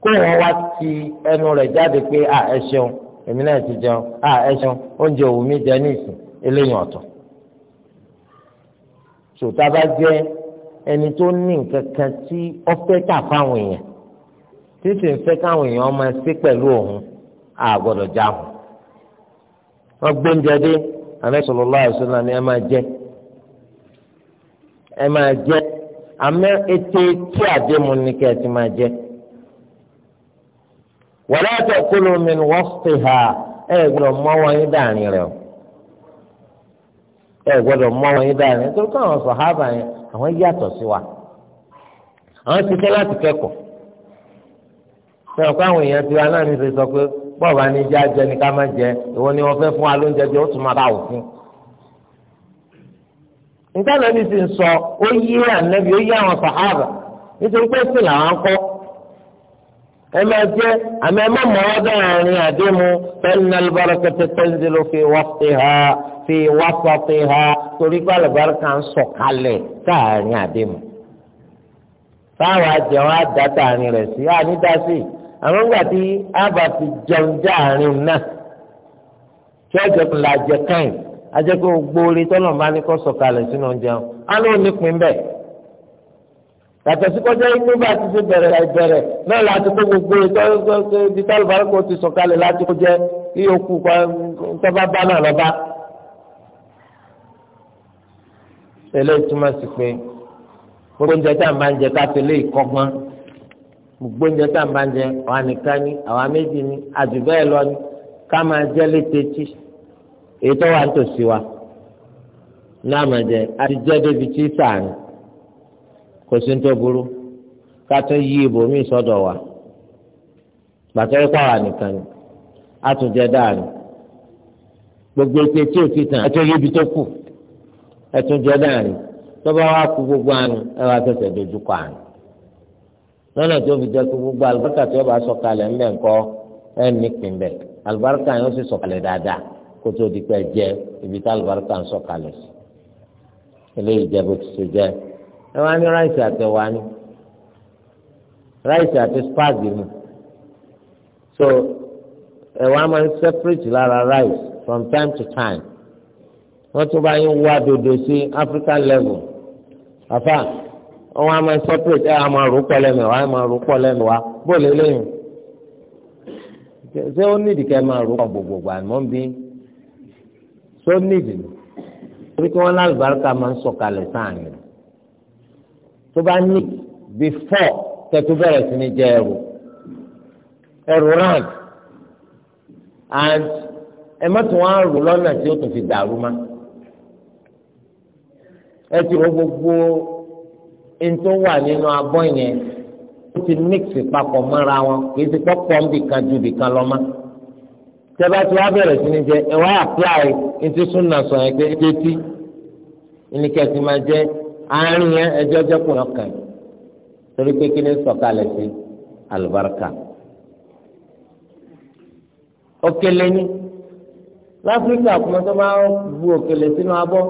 kó wọn wá ti ẹnu rẹ̀ jáde pé à ẹ ṣeun èmi náà ti jẹun à ẹ ṣeun oúnjẹ òwú mi jẹ ní ìsìn eléyìí ọ̀tọ̀ sòtá bá jẹ ẹni tó ní nǹkan kan tí ó tà fáwọn èèyàn tí sì káwọn èèyàn máa ṣe pẹ̀lú òun àgbọ́dọ̀ já wọn. gbóúnjẹ dé anẹ́sọ̀lọ́lá àṣọlá ni ẹ máa jẹ ẹ máa jẹ ètè tí ni ẹ ti máa jẹ. wàlá àtẹ̀kùlù mi ni wọ́n fi hà ẹ gbọ́dọ̀ mọ́ wọn yín dàrin rẹ̀ o ẹ gbọ́dọ̀ mọ́ wọn yín dàrin rẹ̀ torí káwọn sàhábà yẹn àwọn sí wa àwọn bọ́ọ̀bù anijẹ́ ajẹ́ ni ká má jẹ ìwọ ni wọ́n fẹ́ fún alóúnjẹ jẹ ó tún máa bá wò fún. níta nàbí sì ń sọ ó yí ànábì ó yí àwọn sàhábà nítorí pé sì làwọn kọ́ ẹ máa jẹ àmì ẹ má mọ ọdọ àárín àdéhùn fẹnà alùbárakẹtẹ tẹnzilo fi wọ́pẹ́ ha fi wọ́pẹ́ ha torí pé alùbárakà ń sọ kalẹ̀ káàárín àdéhùn. táwọn àjẹwọ́n á dá tààrin rẹ̀ sí ànídásí àwọn ńgbà tí ábà fi jẹun jáàrin náà tí ọjọ́ kan la jẹ káyìn ajẹ́ pé gbogbo orí tọ́lọ̀ bá ní kó sọ̀kalẹ̀ sínú jẹun á ló nípìn bẹ́ẹ̀ yàtọ̀ sí kọjá inú bá ti ṣe bẹ̀rẹ̀ àìbẹ̀rẹ̀ náà láti kó gbogbo orí tọ́lọ̀ tọ́lọ̀ bá kó ti sọ̀kalẹ̀ láti kó jẹ iyokù tọ́ba bá náà lọ́ba. eléyìí túmọ̀ sí pé gbogbo oúnjẹ tá à ń bá ń jẹ ká fi ìkọ́gbọ́n gbogbo oúnjẹ tá à ń bá ń jẹ àwa nìkan ni àwa méjì ni àjù bẹ́ẹ̀ lọ ni ká máa jẹ́ létetí èyí tó wà nítòsí wa náà máa jẹ àti jẹ́ débi tí sàánì kò sí ní tó burú ká tún yí ibòmíì sọ́dọ̀ wa gbàtọ́ ikú àwa nìkan ni a tún jẹ dáàni gbogbo ètò tí ò tàn ẹ tún yí ibi tó kù ẹ tún jẹ dáàni tó bá wá kú gbogbo àánú ẹ wá tẹsẹ̀ dojú kọ àánú lọ́nà tó fi jẹ́ pé gbogbo àlùbáríkà tí wọ́n bá sọ̀kalẹ̀ ńbẹ̀ ńkọ́ ẹ̀ nípìn bẹ̀ àlùbáríkà yẹn ó sì sọ̀kalẹ̀ dáadáa kó tó di pé jẹ́ ibi tá àlùbáríkà ń sọ̀kalẹ̀ sí eléyìí jẹ́ bó ti ṣe jẹ́ ẹ wá ní ráìsì àtẹwá ní ráìsì àti spáàgì mu so ẹ wá máa ń separate lára ráìsì from time to time wọ́n tún bá yín wá dodo sí African level afa wọn a máa separate ẹ a máa rò pọ̀ lẹ́nu wa a máa rò pọ̀ lẹ́nu wa bóòlù eléyìí ṣé ó nídìí kẹ́ máa rò pọ̀ gbogbogbò àmọ́ bí ṣó nídìí torí kí wọ́n lálùbáríkà máa ń sọ̀kalẹ̀ sáàyàn tó bá ní before kẹtù bẹ̀rẹ̀ sí ní jẹ ẹrù ẹrù round and ẹ má tún wá rò lọ́nà tí ó tún fi dàrú ma ẹ ti rò gbogbo ntó wà nínú abọ́ yẹn ó ti mixi papọ̀ mọ́ra wọn kì í ti kọ́ pọ́ǹbì kan ju ibì kan lọ mọ́ tẹ́bá tí wàá bẹ̀rẹ̀ sí ní jẹ ẹ wá àpláì ntí súnà sọ yẹn pé tẹ́tí ìníkẹ́sì máa jẹ àárín yẹn ẹjọ́ jẹ́ kùnà kàn torí pé kí ni sọ̀kalẹ̀ sí alùbáríkà òkèlè ni láfíríkà kùnà tó máa bu òkèlè sínú abọ́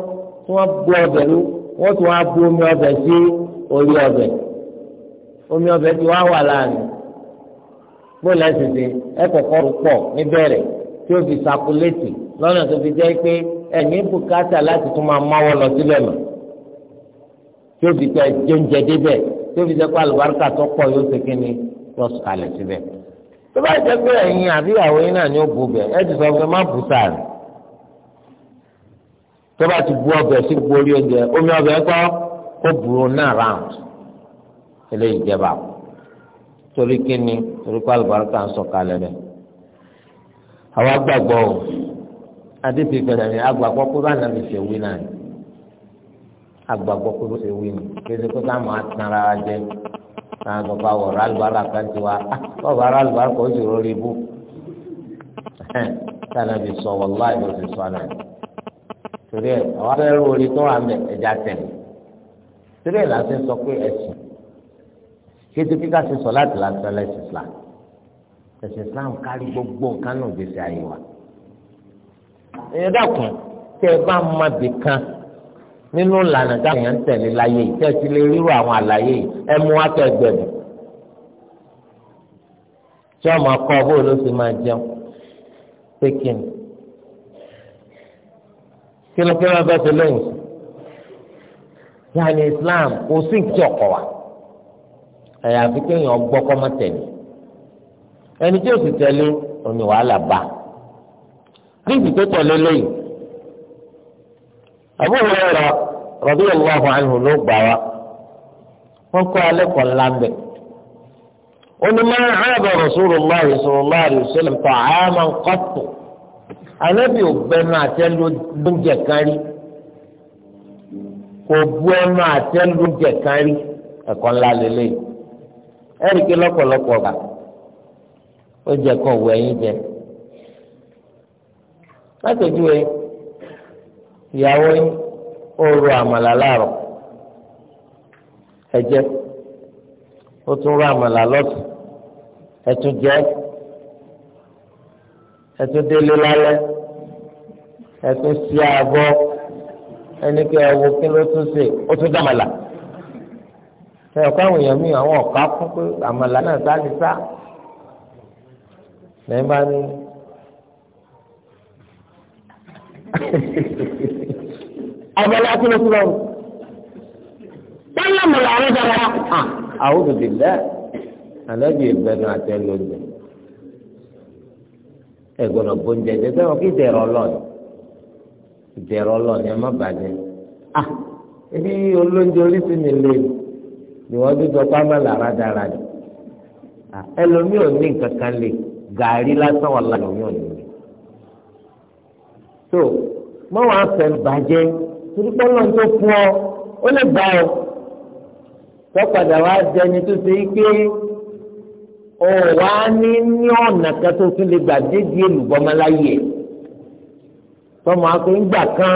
tí wọ́n bu ọbẹ̀ lu wọ́n tún wá bu omi ọbẹ̀ sí i. orí ọbẹ, omi ọbẹ ti wá wà láàrin bóòlù ẹsẹsẹ ẹ kọ́kọ́ pọ̀ níbẹ̀rẹ̀ tí ó fi sakuléètì lọ́nà tó fi jẹ́ pé ẹ̀mí láti tún máa máwọ́ lọ sílẹ̀ tí ó fi débẹ̀ tí fi jẹ́ pé àlùbáríkà tó pọ̀ yóò ṣe kí ni lọ síbẹ̀ tó bá jẹ́ pé ẹ̀yin ó bu ẹ ti sọ pé má sáàrì kó burú náà round eléyìí jẹba torí kíni torí kó alùbáríkà ń sọ̀kalẹ̀ rẹ̀ àwa gbàgbọ́ o fẹ̀rẹ̀ ni agbàgbọ́ kó bá nàbì ṣe wí náà agbàgbọ́ kó bá ṣe wí ni kéde kó sáà máa tán ara jẹ sáà tó bá wọ̀rọ̀ alùbáríkà kan ti wá kó ah, bá ara alùbáríkà ó sì rọrí bú sáà nàbì sọ wọ́n láì ló ti sọ náà torí ẹ̀ àwa fẹ́ rú orí tó wà mẹ́ ẹ̀já tẹ̀lé sílẹ̀ láti sọ pé ẹ̀sìn kéde kíkà ṣe sọ láti lásán lẹ́sìn islam ẹ̀sìn islam kárí gbogbo nǹkan náà gbèsè ayé wa. èèyàn dàkún tẹ́ ẹ bá máa bì kan nínú ìlànà táwọn èèyàn ń tẹ̀lé láyé yìí tẹ́ ẹ ti lè rírò àwọn àlàyé yìí ẹ mú wá kẹ́ ẹ gbẹ̀bù. tí wọ́n máa kọ́ bóyá ló ti máa jẹun pé kí ni kí ló kí ló bá ti lóyún sí. yàní islam kò sí ìtì ọkọ wa ẹ̀yà àfi kéèyàn gbọ́ kọ́ má tẹ̀lé ẹni tí ó sì tẹ̀lé òní wàhálà bá níbi tó tẹ̀lé lóyìn Abu Hurairah radiyallahu anhu ló gbà wá wọn kọ́ alẹ́ kọ́ ńlá mbẹ́ onímọ̀ ààbẹ̀ rasulullah sallallahu alaihi wasallam kò bu ẹnu àtẹnudúnjẹ kan rí ńlá lọ́pọ̀lọpọ̀ gbà ó jẹ kó wọ ẹyin jẹ látọjú ẹ ìyàwó yín ó àmàlà láàrọ̀ ẹ jẹ ó tún ro àmàlà lọ́sùn ẹ tún jẹ ẹni pé ẹ wo kí ló tún ṣe ó tún dàmàlà ẹ̀rọ káwọn èèyàn míì àwọn ọ̀ká kún pé àmàlà náà sáàdì sá lẹ́yìn bá ní. àmàlà kí ló tún lọ wọ́n lámàlà àwọn ọ̀dọ́ wa àwọn òbí lẹ́ alẹ́ bíi ìbẹ̀nu àti ẹlòmíràn ẹ gbọ́dọ̀ bóúnjẹ jẹ sẹ́wọ̀n kí ìdẹ̀rọ̀ lọ́yọ̀ ìdẹ̀rọ ọlọ́ọ̀ni ẹ má bàjẹ́ à ebi olóúnjẹ oríṣi mi lè ni wọ́n dúdú ọpá má là rádaràdì ẹlòmíì ò ní nǹkan kan lè gàrí lásán wà lálòmíì ò ní lè so mọ wàá fẹ́ bàjẹ́ torí pé ọlọ́run tó fún ọ ó lè gbà ọ tọ́padà wá jẹni tó ṣe pé ọ̀wá ní ní ọ̀nà kan tó tún lè gbà dédìé lùbọ́mọláyé ẹ̀ tọmọ akọ ńgbà kan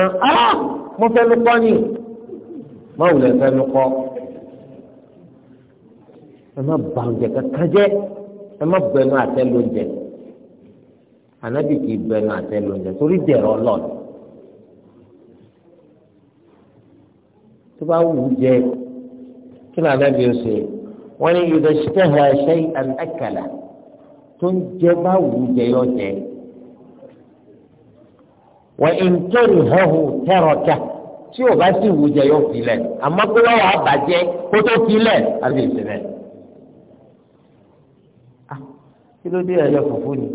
mo fẹ́ ló kọ́ ni má wùlẹ̀ fẹ́ ló kọ́ ẹ má ba oúnjẹ kankan jẹ́ ẹ má bẹnu àtẹ́ lóúnjẹ ànábì kì í bẹnu àtẹ́ lóúnjẹ torí dẹ̀rọ ọlọ́ọ̀ni tó bá wù jẹ kí ni ànábì ó ṣe wọ́n ní ìdọ̀ṣẹ́ ṣe é ṣe tó ń jẹ bá wù jẹ yọ jẹ wọ́n ń kéré hẹ́hù tẹ́rọ̀kà tí o bá sì wù jẹ yóò filẹ̀ àmọ́ pé wọ́n wàá bàjẹ́ kó tó filẹ̀ àbí ìsinmi. kí ló dé ẹ̀yọ fùfú ni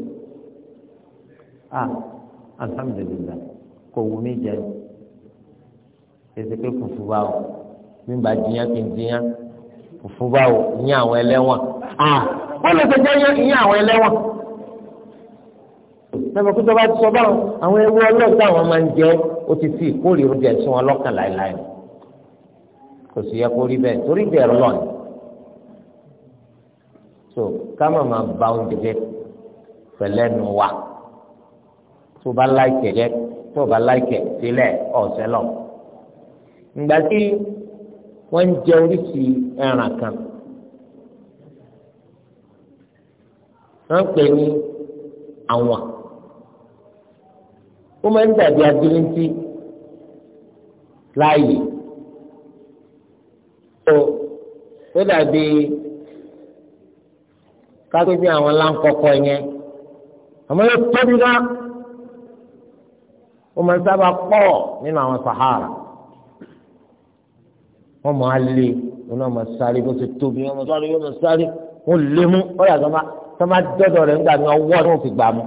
ah, alhamdulilah kò wù mí jẹ èsì pé fùfú bá o mi bá jiyàn kí n jiyàn fùfú bá o ìyẹn àwọn ẹlẹ́wọ̀n. Ah, wọ́n lọ sọ jẹ́ ìyẹn àwọn ẹlẹ́wọ̀n sọmọ kó tó bá ti sọ báwọn àwọn ewu ọlọ́ọ̀tà àwọn máa ń jẹ ó ti fi ìkórìíra oúnjẹ sí wọn lọ́kàn láìláì kò sì yẹ kó rí bẹ́ẹ̀ torí bẹ́ẹ̀ lọ́ọ̀nì so káma máa ba oúnjẹ jẹ pẹ̀lẹ́nu wa tó bá láìkẹ̀ jẹ tó bá láìkẹ̀ sílẹ̀ ọ̀sẹ̀ lọ. ìgbà tí wọ́n ń jẹ oríṣi ẹran kan wọ́n ń pè ní àwọn ó máa ń dàbí agilinti láàyè tó ó dàbí kákéjì àwọn láńkọ̀kọ̀ yẹn àmọ́ yóò tóbi ká ó máa ń sábà pọ̀ nínú àwọn sahara wọ́n máa lé wọn náà máa sáré bó ti tóbi wọ́n máa sáré wọ́n máa sáré wọ́n lé mú ó yà sọ́mà sọ́mà dọ́dọ̀ rẹ̀ nígbà tí wọ́n wọ́ ni wọ́n fi gbà mú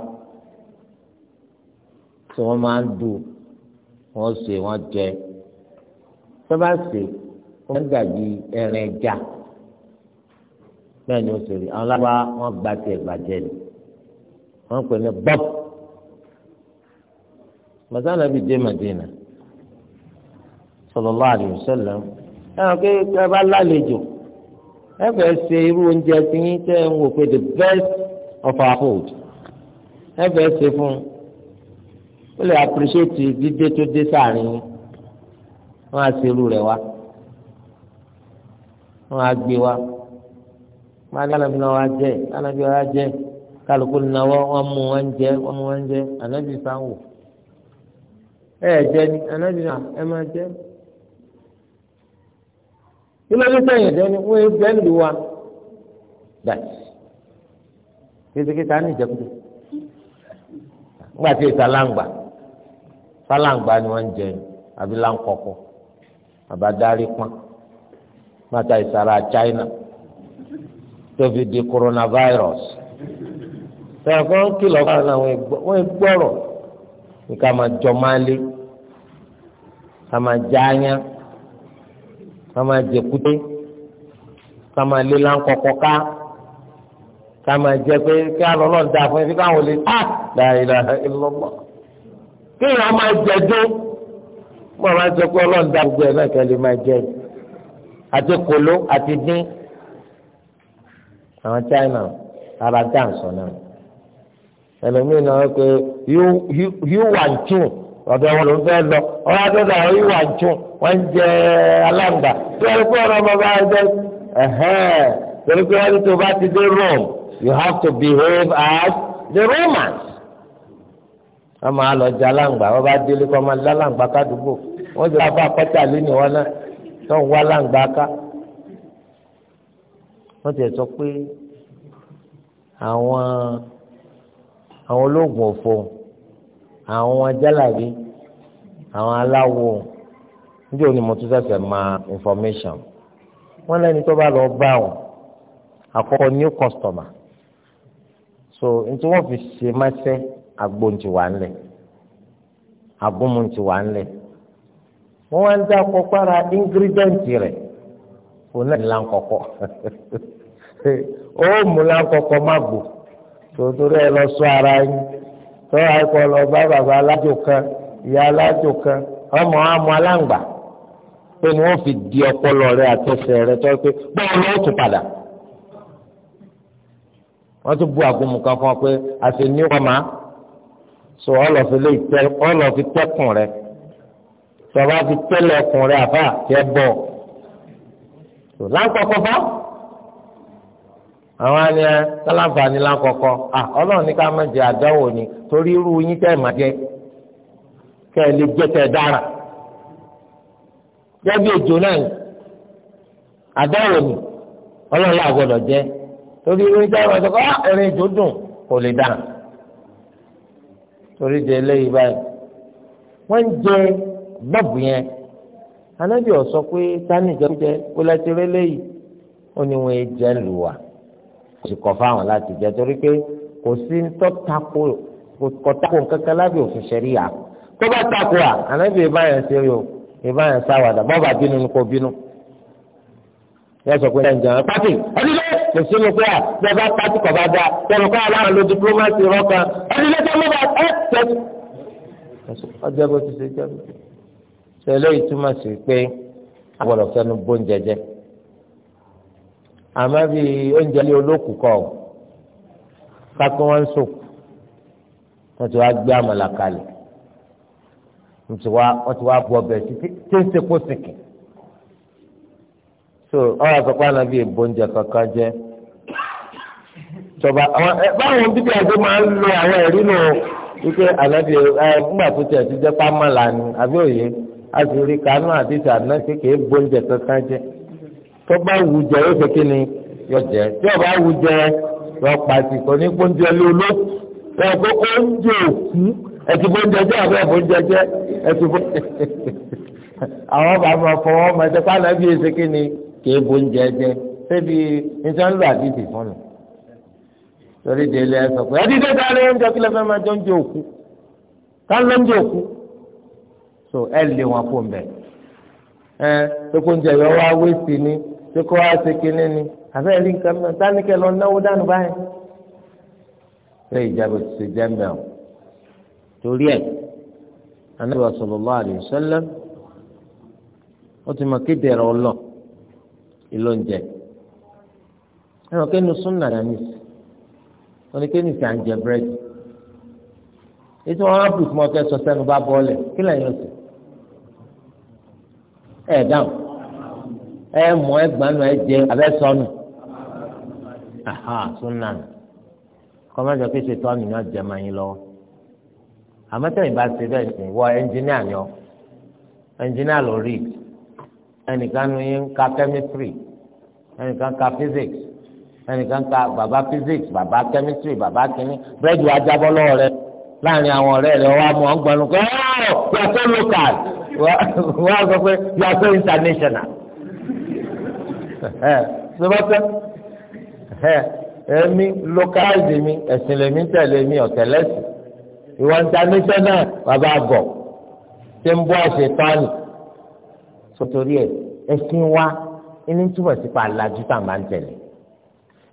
tí wọ́n máa ń dù wọ́n sè wọ́n jẹ tó bá sè wọ́n dàbí ẹran ẹja bẹ́ẹ̀ ni ó sì rí àwọn lábá wọ́n gba tiẹ̀ gbàjẹ́ ni wọ́n pè ní bọ́p mọ̀sánà bíi dé Madina sallallahu alaihi wasallam ẹ̀rọ kí ẹ bá lálejò ẹ fẹ́ ṣe irú oúnjẹ tí yín tẹ́ ń wò pé the best of our food ẹ fẹ́ ṣe fún un ó lè apírísíétì dídé tó dé sáàrin yín wọ́n á ṣe irú rẹ̀ wá wọ́n á gbé wá wọ́n á ní alábi náà wá jẹ́ alábi wá jẹ́ kálukú náwó wọ́n mú wọn jẹ wọ́n mú wọn jẹ ànábì sáwò ẹ jẹ ni ànábì náà ẹ máa jẹ ilé sẹ́yìn dẹ́ni wọ́n ń bẹ́ẹ̀ lù wá dàtí kékeré ta ni ìjẹkùtù ńgbà tí ìta láǹgbà fálàǹgbá ni wọ́n ń jẹ àbí láǹkọ̀kọ̀ àbádárí pọ́n mọ́tà ìsara China tó di coronavirus sọ̀rọ̀ kọ́ ń kìlọ̀ fún àwọn wọ́n gbọ́rọ̀ ní ká máa jọ máa lé ká máa já yán ká máa jẹ kúté ká máa lé láńkọ̀kọ̀ ká ká máa jẹ pé kí alọ́lọ́ da fún ẹ fi káwọn lè tá láìláà ìlọ́gbọ́n kéèyàn máa jẹ dó mo máa sọ pé ọlọ́run dá gbogbo ẹ̀ náà kẹ́lẹ́ máa jẹ àti kòló àti dín àwọn China ara dáǹsọ náà ẹlòmíín náà pé yíò wà ń ọ̀dọ̀ wọn ló ń fẹ́ lọ ọ̀rọ̀ àtọ́jà àwọn yíò wà ń tún ń jẹ aláǹgbà tí wọ́n pẹ́ ọ̀rọ̀ ọmọ bá ẹgbẹ́ ẹ̀hẹ́n torí pé wọ́n ti tó bá ti dé Rome you have to behave as the Romans wọ́n máa lọ jẹ aláǹgbá wọ́n bá délé kọ́ máa lé aláǹgbá kádùúgbò wọ́n jẹ́ abá pátá lé ní wọn náà tó ń wá aláǹgbá ká wọ́n ti sọ pé àwọn àwọn ológun òfò àwọn jálàbí àwọn aláwo níbi òní mo tún sẹ̀sẹ̀ máa information wọ́n lẹ́ni tó bá lọ bá wọn àkọ́kọ́ new customer so ntí wọ́n fi ṣe máṣẹ́. agbóhùntì wà ńlẹ̀ agbóhùntì wà ńlẹ̀ wọ́n wá ń dá kọ́kọ́ra ingírídẹ́ǹtì rẹ̀ kò náà ní láǹkọ̀kọ́ *laughs* ó mú láǹkọ̀kọ́ má gbò tòótórí ẹ lọ sọ ara yín tó àìkọ́ lọ bá bàbá alájò kan ìyá alájò kan ọmọ aláǹgbà pé ni fi di ọpọlọ rẹ rẹ pé báwo tún padà so ọlọ fi lè tẹ ọlọ fi tẹkùn rẹ tọba fi tẹlẹ ẹkùn rẹ àfa tẹ bọ so láǹkọkọ fá àwọn àni ẹ sálàǹfààní láǹkọkọ à Ọlọ́run ní ká má jẹ ni torí irú yín tẹ má jẹ kẹ ẹ lè jẹ tẹ dára ni ni jẹ torí irú yín tẹ má jẹ kọ ẹrin dùn torí de eléyìí báyìí wọ́n ń jẹ bọ́ọ̀bù yẹn anábì ọ̀ sọ pé tani ìjọba jẹ kó láti rí eléyìí ó ní wọn jẹ lù wá kò sì kọ̀ fáwọn láti jẹ torí pé kò sí tọ́tako kò tako kankan lábẹ́ òfin ṣẹ̀ríyà tó bá tako à anábì ìbáyẹn ṣe yòó ìbáyẹn sáwàdà bọ́ọ̀bù àbínú ni kò bínú wọ́n sọ pé ẹnjẹ àwọn pátì ọdílé kò sínú pé à bẹ́ẹ̀ bá pátì kọ̀ bá dáa tẹnu kọ́ aláwọn lo diplomasi rọ́ọ̀kà ọdílé tó mú bá ẹ tẹ̀sí. ọjọ́ bó ti ṣe jẹ́ mi. tẹ̀lé ìtumọ̀ sí pé àgbọ̀dọ̀ fẹ́nu bóúnjẹ jẹ. àmọ́ bí oúnjẹ lé olókùú kọ́ ọ kápẹ́ wọn ń sòkù ti wá gbé àmàlà kalẹ̀ wọ́n ti wá bọ̀ bẹ̀ títí tí ń sekú sìnkì so ọ̀rọ̀ àkọ́kọ́ ànábì ìbọnjẹ kankan jẹ tọba àwọn ẹ báwọn bíbí àgbo máa ń lo àwọn ẹ̀rí nù wípé ànábì ẹ nígbà tó tiẹ̀ ti jẹ́ pàmò lànà àbí òye àtúrí kanú àti sàdánà kékeré ìbọnjẹ kankan jẹ tọba wù jẹ yóò fẹ́ kí ni yọ jẹ tí ọba wù jẹ yọ pàṣẹ kò ní gbóúnjẹ lólo yọ kó oúnjẹ òkú ẹtì gbóúnjẹ jẹ àbẹ gbóúnjẹ jẹ ẹtì gbóúnjẹ *laughs* àwọn bàbá fọwọ́ mọ ẹtì pàlọ́ bí ẹsẹ̀ kí ni kì í bo oúnjẹ jẹ ṣébi nítorí lọ àdìsí fún mi torí délé ẹ sọ pé ẹ dídé dáre oúnjẹ kí lè fẹ́ máa jẹ òkú ká ló ń jẹ òkú so ẹ lé wọn fún bẹ ẹ tókò oúnjẹ yọ wá wéèsì ni tókò wá ṣe kinní ni àbẹ́ rí nǹkan mọ́ táníkẹ́ lọ náwó dànù báyìí ṣé ìjábọ̀ ti ṣe jẹ́ mẹ́ o torí ẹ̀ anábìwá sallallahu alaihi wasallam ó ti mọ kéde ẹ̀rọ ọlọ́ọ̀ ìlóúnjẹ ẹnì kẹ́nu súnà dání wọn ni kẹ́nu sì à ń jẹ búrẹ́dì ètò wọn ápù tí wọn fẹ́ sọ sẹ́nu bá bọ́ọ̀lẹ̀ kí lẹ́yìn ọ̀sẹ̀ ẹ̀ dáhùn ẹ mọ̀ ẹ gbanu ẹ jẹ abẹ́ sọnù aha súnà kọ́mọ́jọ pé ṣètò àmì náà jẹ́ máa yín lọ́wọ́ àmọ́tẹ́yìn bá ṣe bẹ́ẹ̀ sìn wọ ẹnjìníà ni ọ ẹnjìníà rí i ẹnìkan nu yín ka chemistry ẹnìkan ka physics ẹnìkan ka bàbá physics bàbá chemistry bàbá kínní bírèdì ajábọ́ lọ́wọ́ rẹ láàrin àwọn ọ̀rẹ́ rẹ wà mọ̀ ọ́ngbọ̀nù pé oh, yà so local wà á sọ pé yà so international sọ́bọ́tẹ́ èmi localize mi ẹ̀sìn lèmi tẹ̀lé mi ọ̀tẹ̀lẹ́sì ìwọ international bàbá bọ̀ ṣé ń bọ́ àṣetánì sọtorí ẹ ẹsìn wa ẹni túbọ̀ sí pa alájú tá à ń ń tẹ̀lé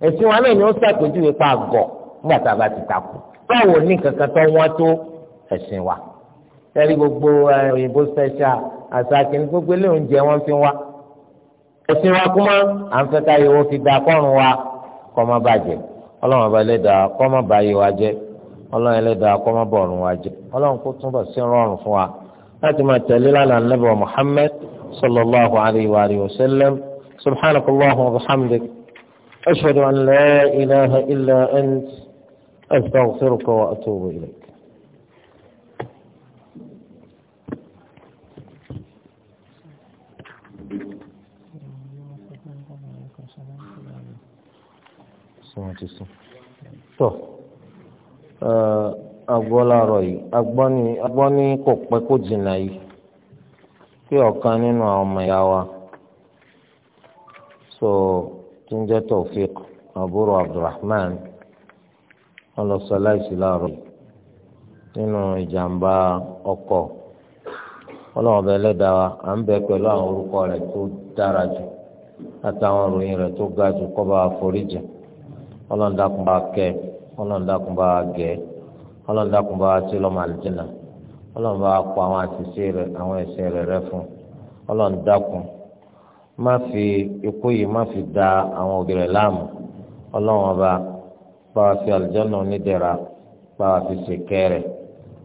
ẹsìn wa náà ni ó ṣàpèjúwe pa àgọ̀ nígbà tá a bá ti takò báwo ní kankan tó wọ́n tó ẹsìn wa tẹ́lẹ̀ gbogbo òyìnbó special àṣàkìní gbogbo ilé oúnjẹ wọn fi wá ẹsìn wa kúmọ́ à ń fẹ́ ká yẹwò fi da kọ́run wa kọ́ má bàjẹ́ ọlọ́run ọba ẹlẹ́dàá kọ́ má bá yẹ wa jẹ́ ọlọ́run ẹlẹ́dàá kọ́ má bọ̀rùn wa jẹ́ ọlọ́run kó túnbọ̀ sí rọrùn láti máa tẹ̀lé lánàá Ànábì Muhammad صلى الله عليه وآله وسلم سبحانك اللهم وبحمدك أشهد أن لا إله إلا أنت أستغفرك وأتوب إليك tó agbọ́lárọ̀ yìí agbọ́ni agbọ́ni kò pẹ́ kó jìnnà yìí kí ọ̀kan nínú àwọn ọmọ ìyá wa so tó ń jẹ́ Tawfiq àbúrò Abdulrahman wọn lọ nínú ìjàmbá ọkọ̀ ọlọ́wọ́n bẹ wa à ń bẹ pẹ̀lú àwọn orúkọ rẹ̀ tó dára jù àtàwọn tó ga jù kọ́ bá wa foríjì ọlọ́run bá kó àwọn àṣìṣe rẹ̀ àwọn ẹ̀ṣẹ̀ rẹ̀ rẹ́ fún ọlọ́run dákun má fi ikú yìí má fi da àwọn òbí rẹ̀ láàmú ọlọ́run ọba bá wa fi àlùjọ́nà onídẹ̀ra bá wa fi ṣèkẹ́ rẹ̀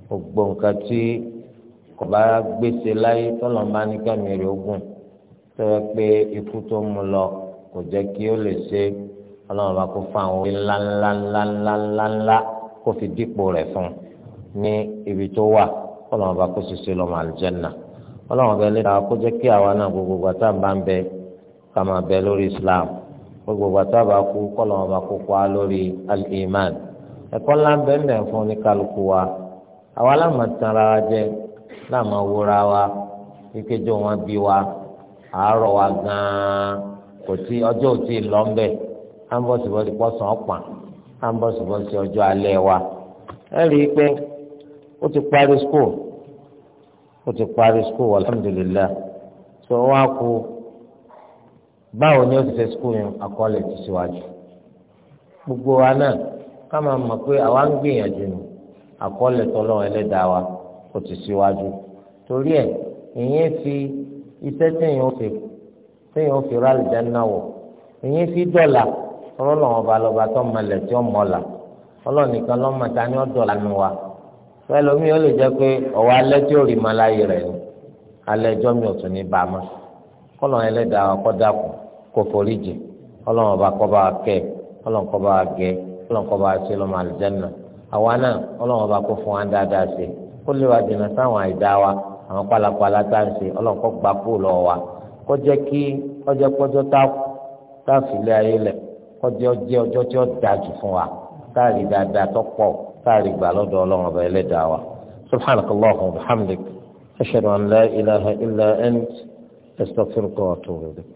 gbogbo nǹkan tí kò bá gbèsè láyé tọ́lọ́n bá ní kẹ́mìrì ogun tẹ́wọ́ pé ikú tó mú lọ kò jẹ́ kí ó lè ṣe ọlọ́run kó fún àwọn orí ńláńláńláńláńlá kó fi dípò rẹ̀ fún ní ibi tó wà kọlọ́wọ́n bá kó sese lọ́mọ àlùjẹ́nà kọlọ́wọ́n bẹ lẹ́yìn àwọn kọjá kí àwa náà gbogbo gbàtà bá ń bẹ ká máa bẹ lórí islam gbogbo gbàtà bá kú kọlọ́wọ́n bá kó pa lórí al-iman ẹ̀kọ́ ńlá bẹ́ẹ̀ ń bẹ̀ fún oníkálukú wa àwa láàmà tanra wa jẹ láàmà wúra wa kíkéjọ wọn bí wa àárọ̀ wa gan-an kò tí ọjọ́ ò tí ì lọ ńbẹ̀ à ń bọ̀ síbọ̀ pọ́sàn ọ̀pà à ń bọ̀ síbọ̀ ọjọ́ alẹ́ wa ẹ rí i pé ó ti parí school ó ti parí skul alhamdulilah tó wá kú báwo ni ó ti ṣe skul yẹn akọ́lẹ̀ ti síwájú gbogbo wa náà ká máa mọ̀ pé àwa ń gbìyànjú ni akọ́lẹ̀ tọ́lọ́ ẹlẹ́dàá wa ó ti síwájú torí ẹ̀ ìyẹn fi iṣẹ́ téèyàn fi téèyàn fi rálì jẹ́ náà wọ̀ ìyẹn fi dọ̀là ọlọ́run ọba lọ́ba tó mọlẹ̀ tí ó mọ̀ọ́là ọlọ́run nìkan lọ́mọ ta ni ó dọ̀là nù wa ẹlòmíì ó lè jẹ pé ọwọ́ alẹ́ tí ó rí ma láyé rẹ̀ ni alẹ́ ẹjọ́ mi ò tún ní bá a mọ́ kọ́lọ́n ẹlẹ́dàá kọ́ dàkú kó forí jì kọ́lọ́n ọba kọ́ bá kẹ́ kọ́lọ́n kọ́ bá gẹ́ kọ́lọ́n kọ́ bá ṣe lọ́mọ àlùjẹ́nà àwa náà kọ́lọ́n ọba kó fún wa dáadáa ṣe kó lè wa dènà sáwọn àìdá wa àwọn pálapàla tá à ń ṣe kọ́lọ́n kọ́ gbà kú lọ wa kó kí ọjọ́ pọ́jọ́ tá a fi ayé lẹ̀ kó jẹ́ ọjọ́ tí ó dáa fún wa táàrí dáadáa tó pọ̀ táàrí gbà lọ́dọ̀ ọlọ́run ọba ẹlẹ́dàá wa subhanak allahumma wa bihamdik ashhadu an la ilaha illa ant astaghfiruka wa atubu ilayk.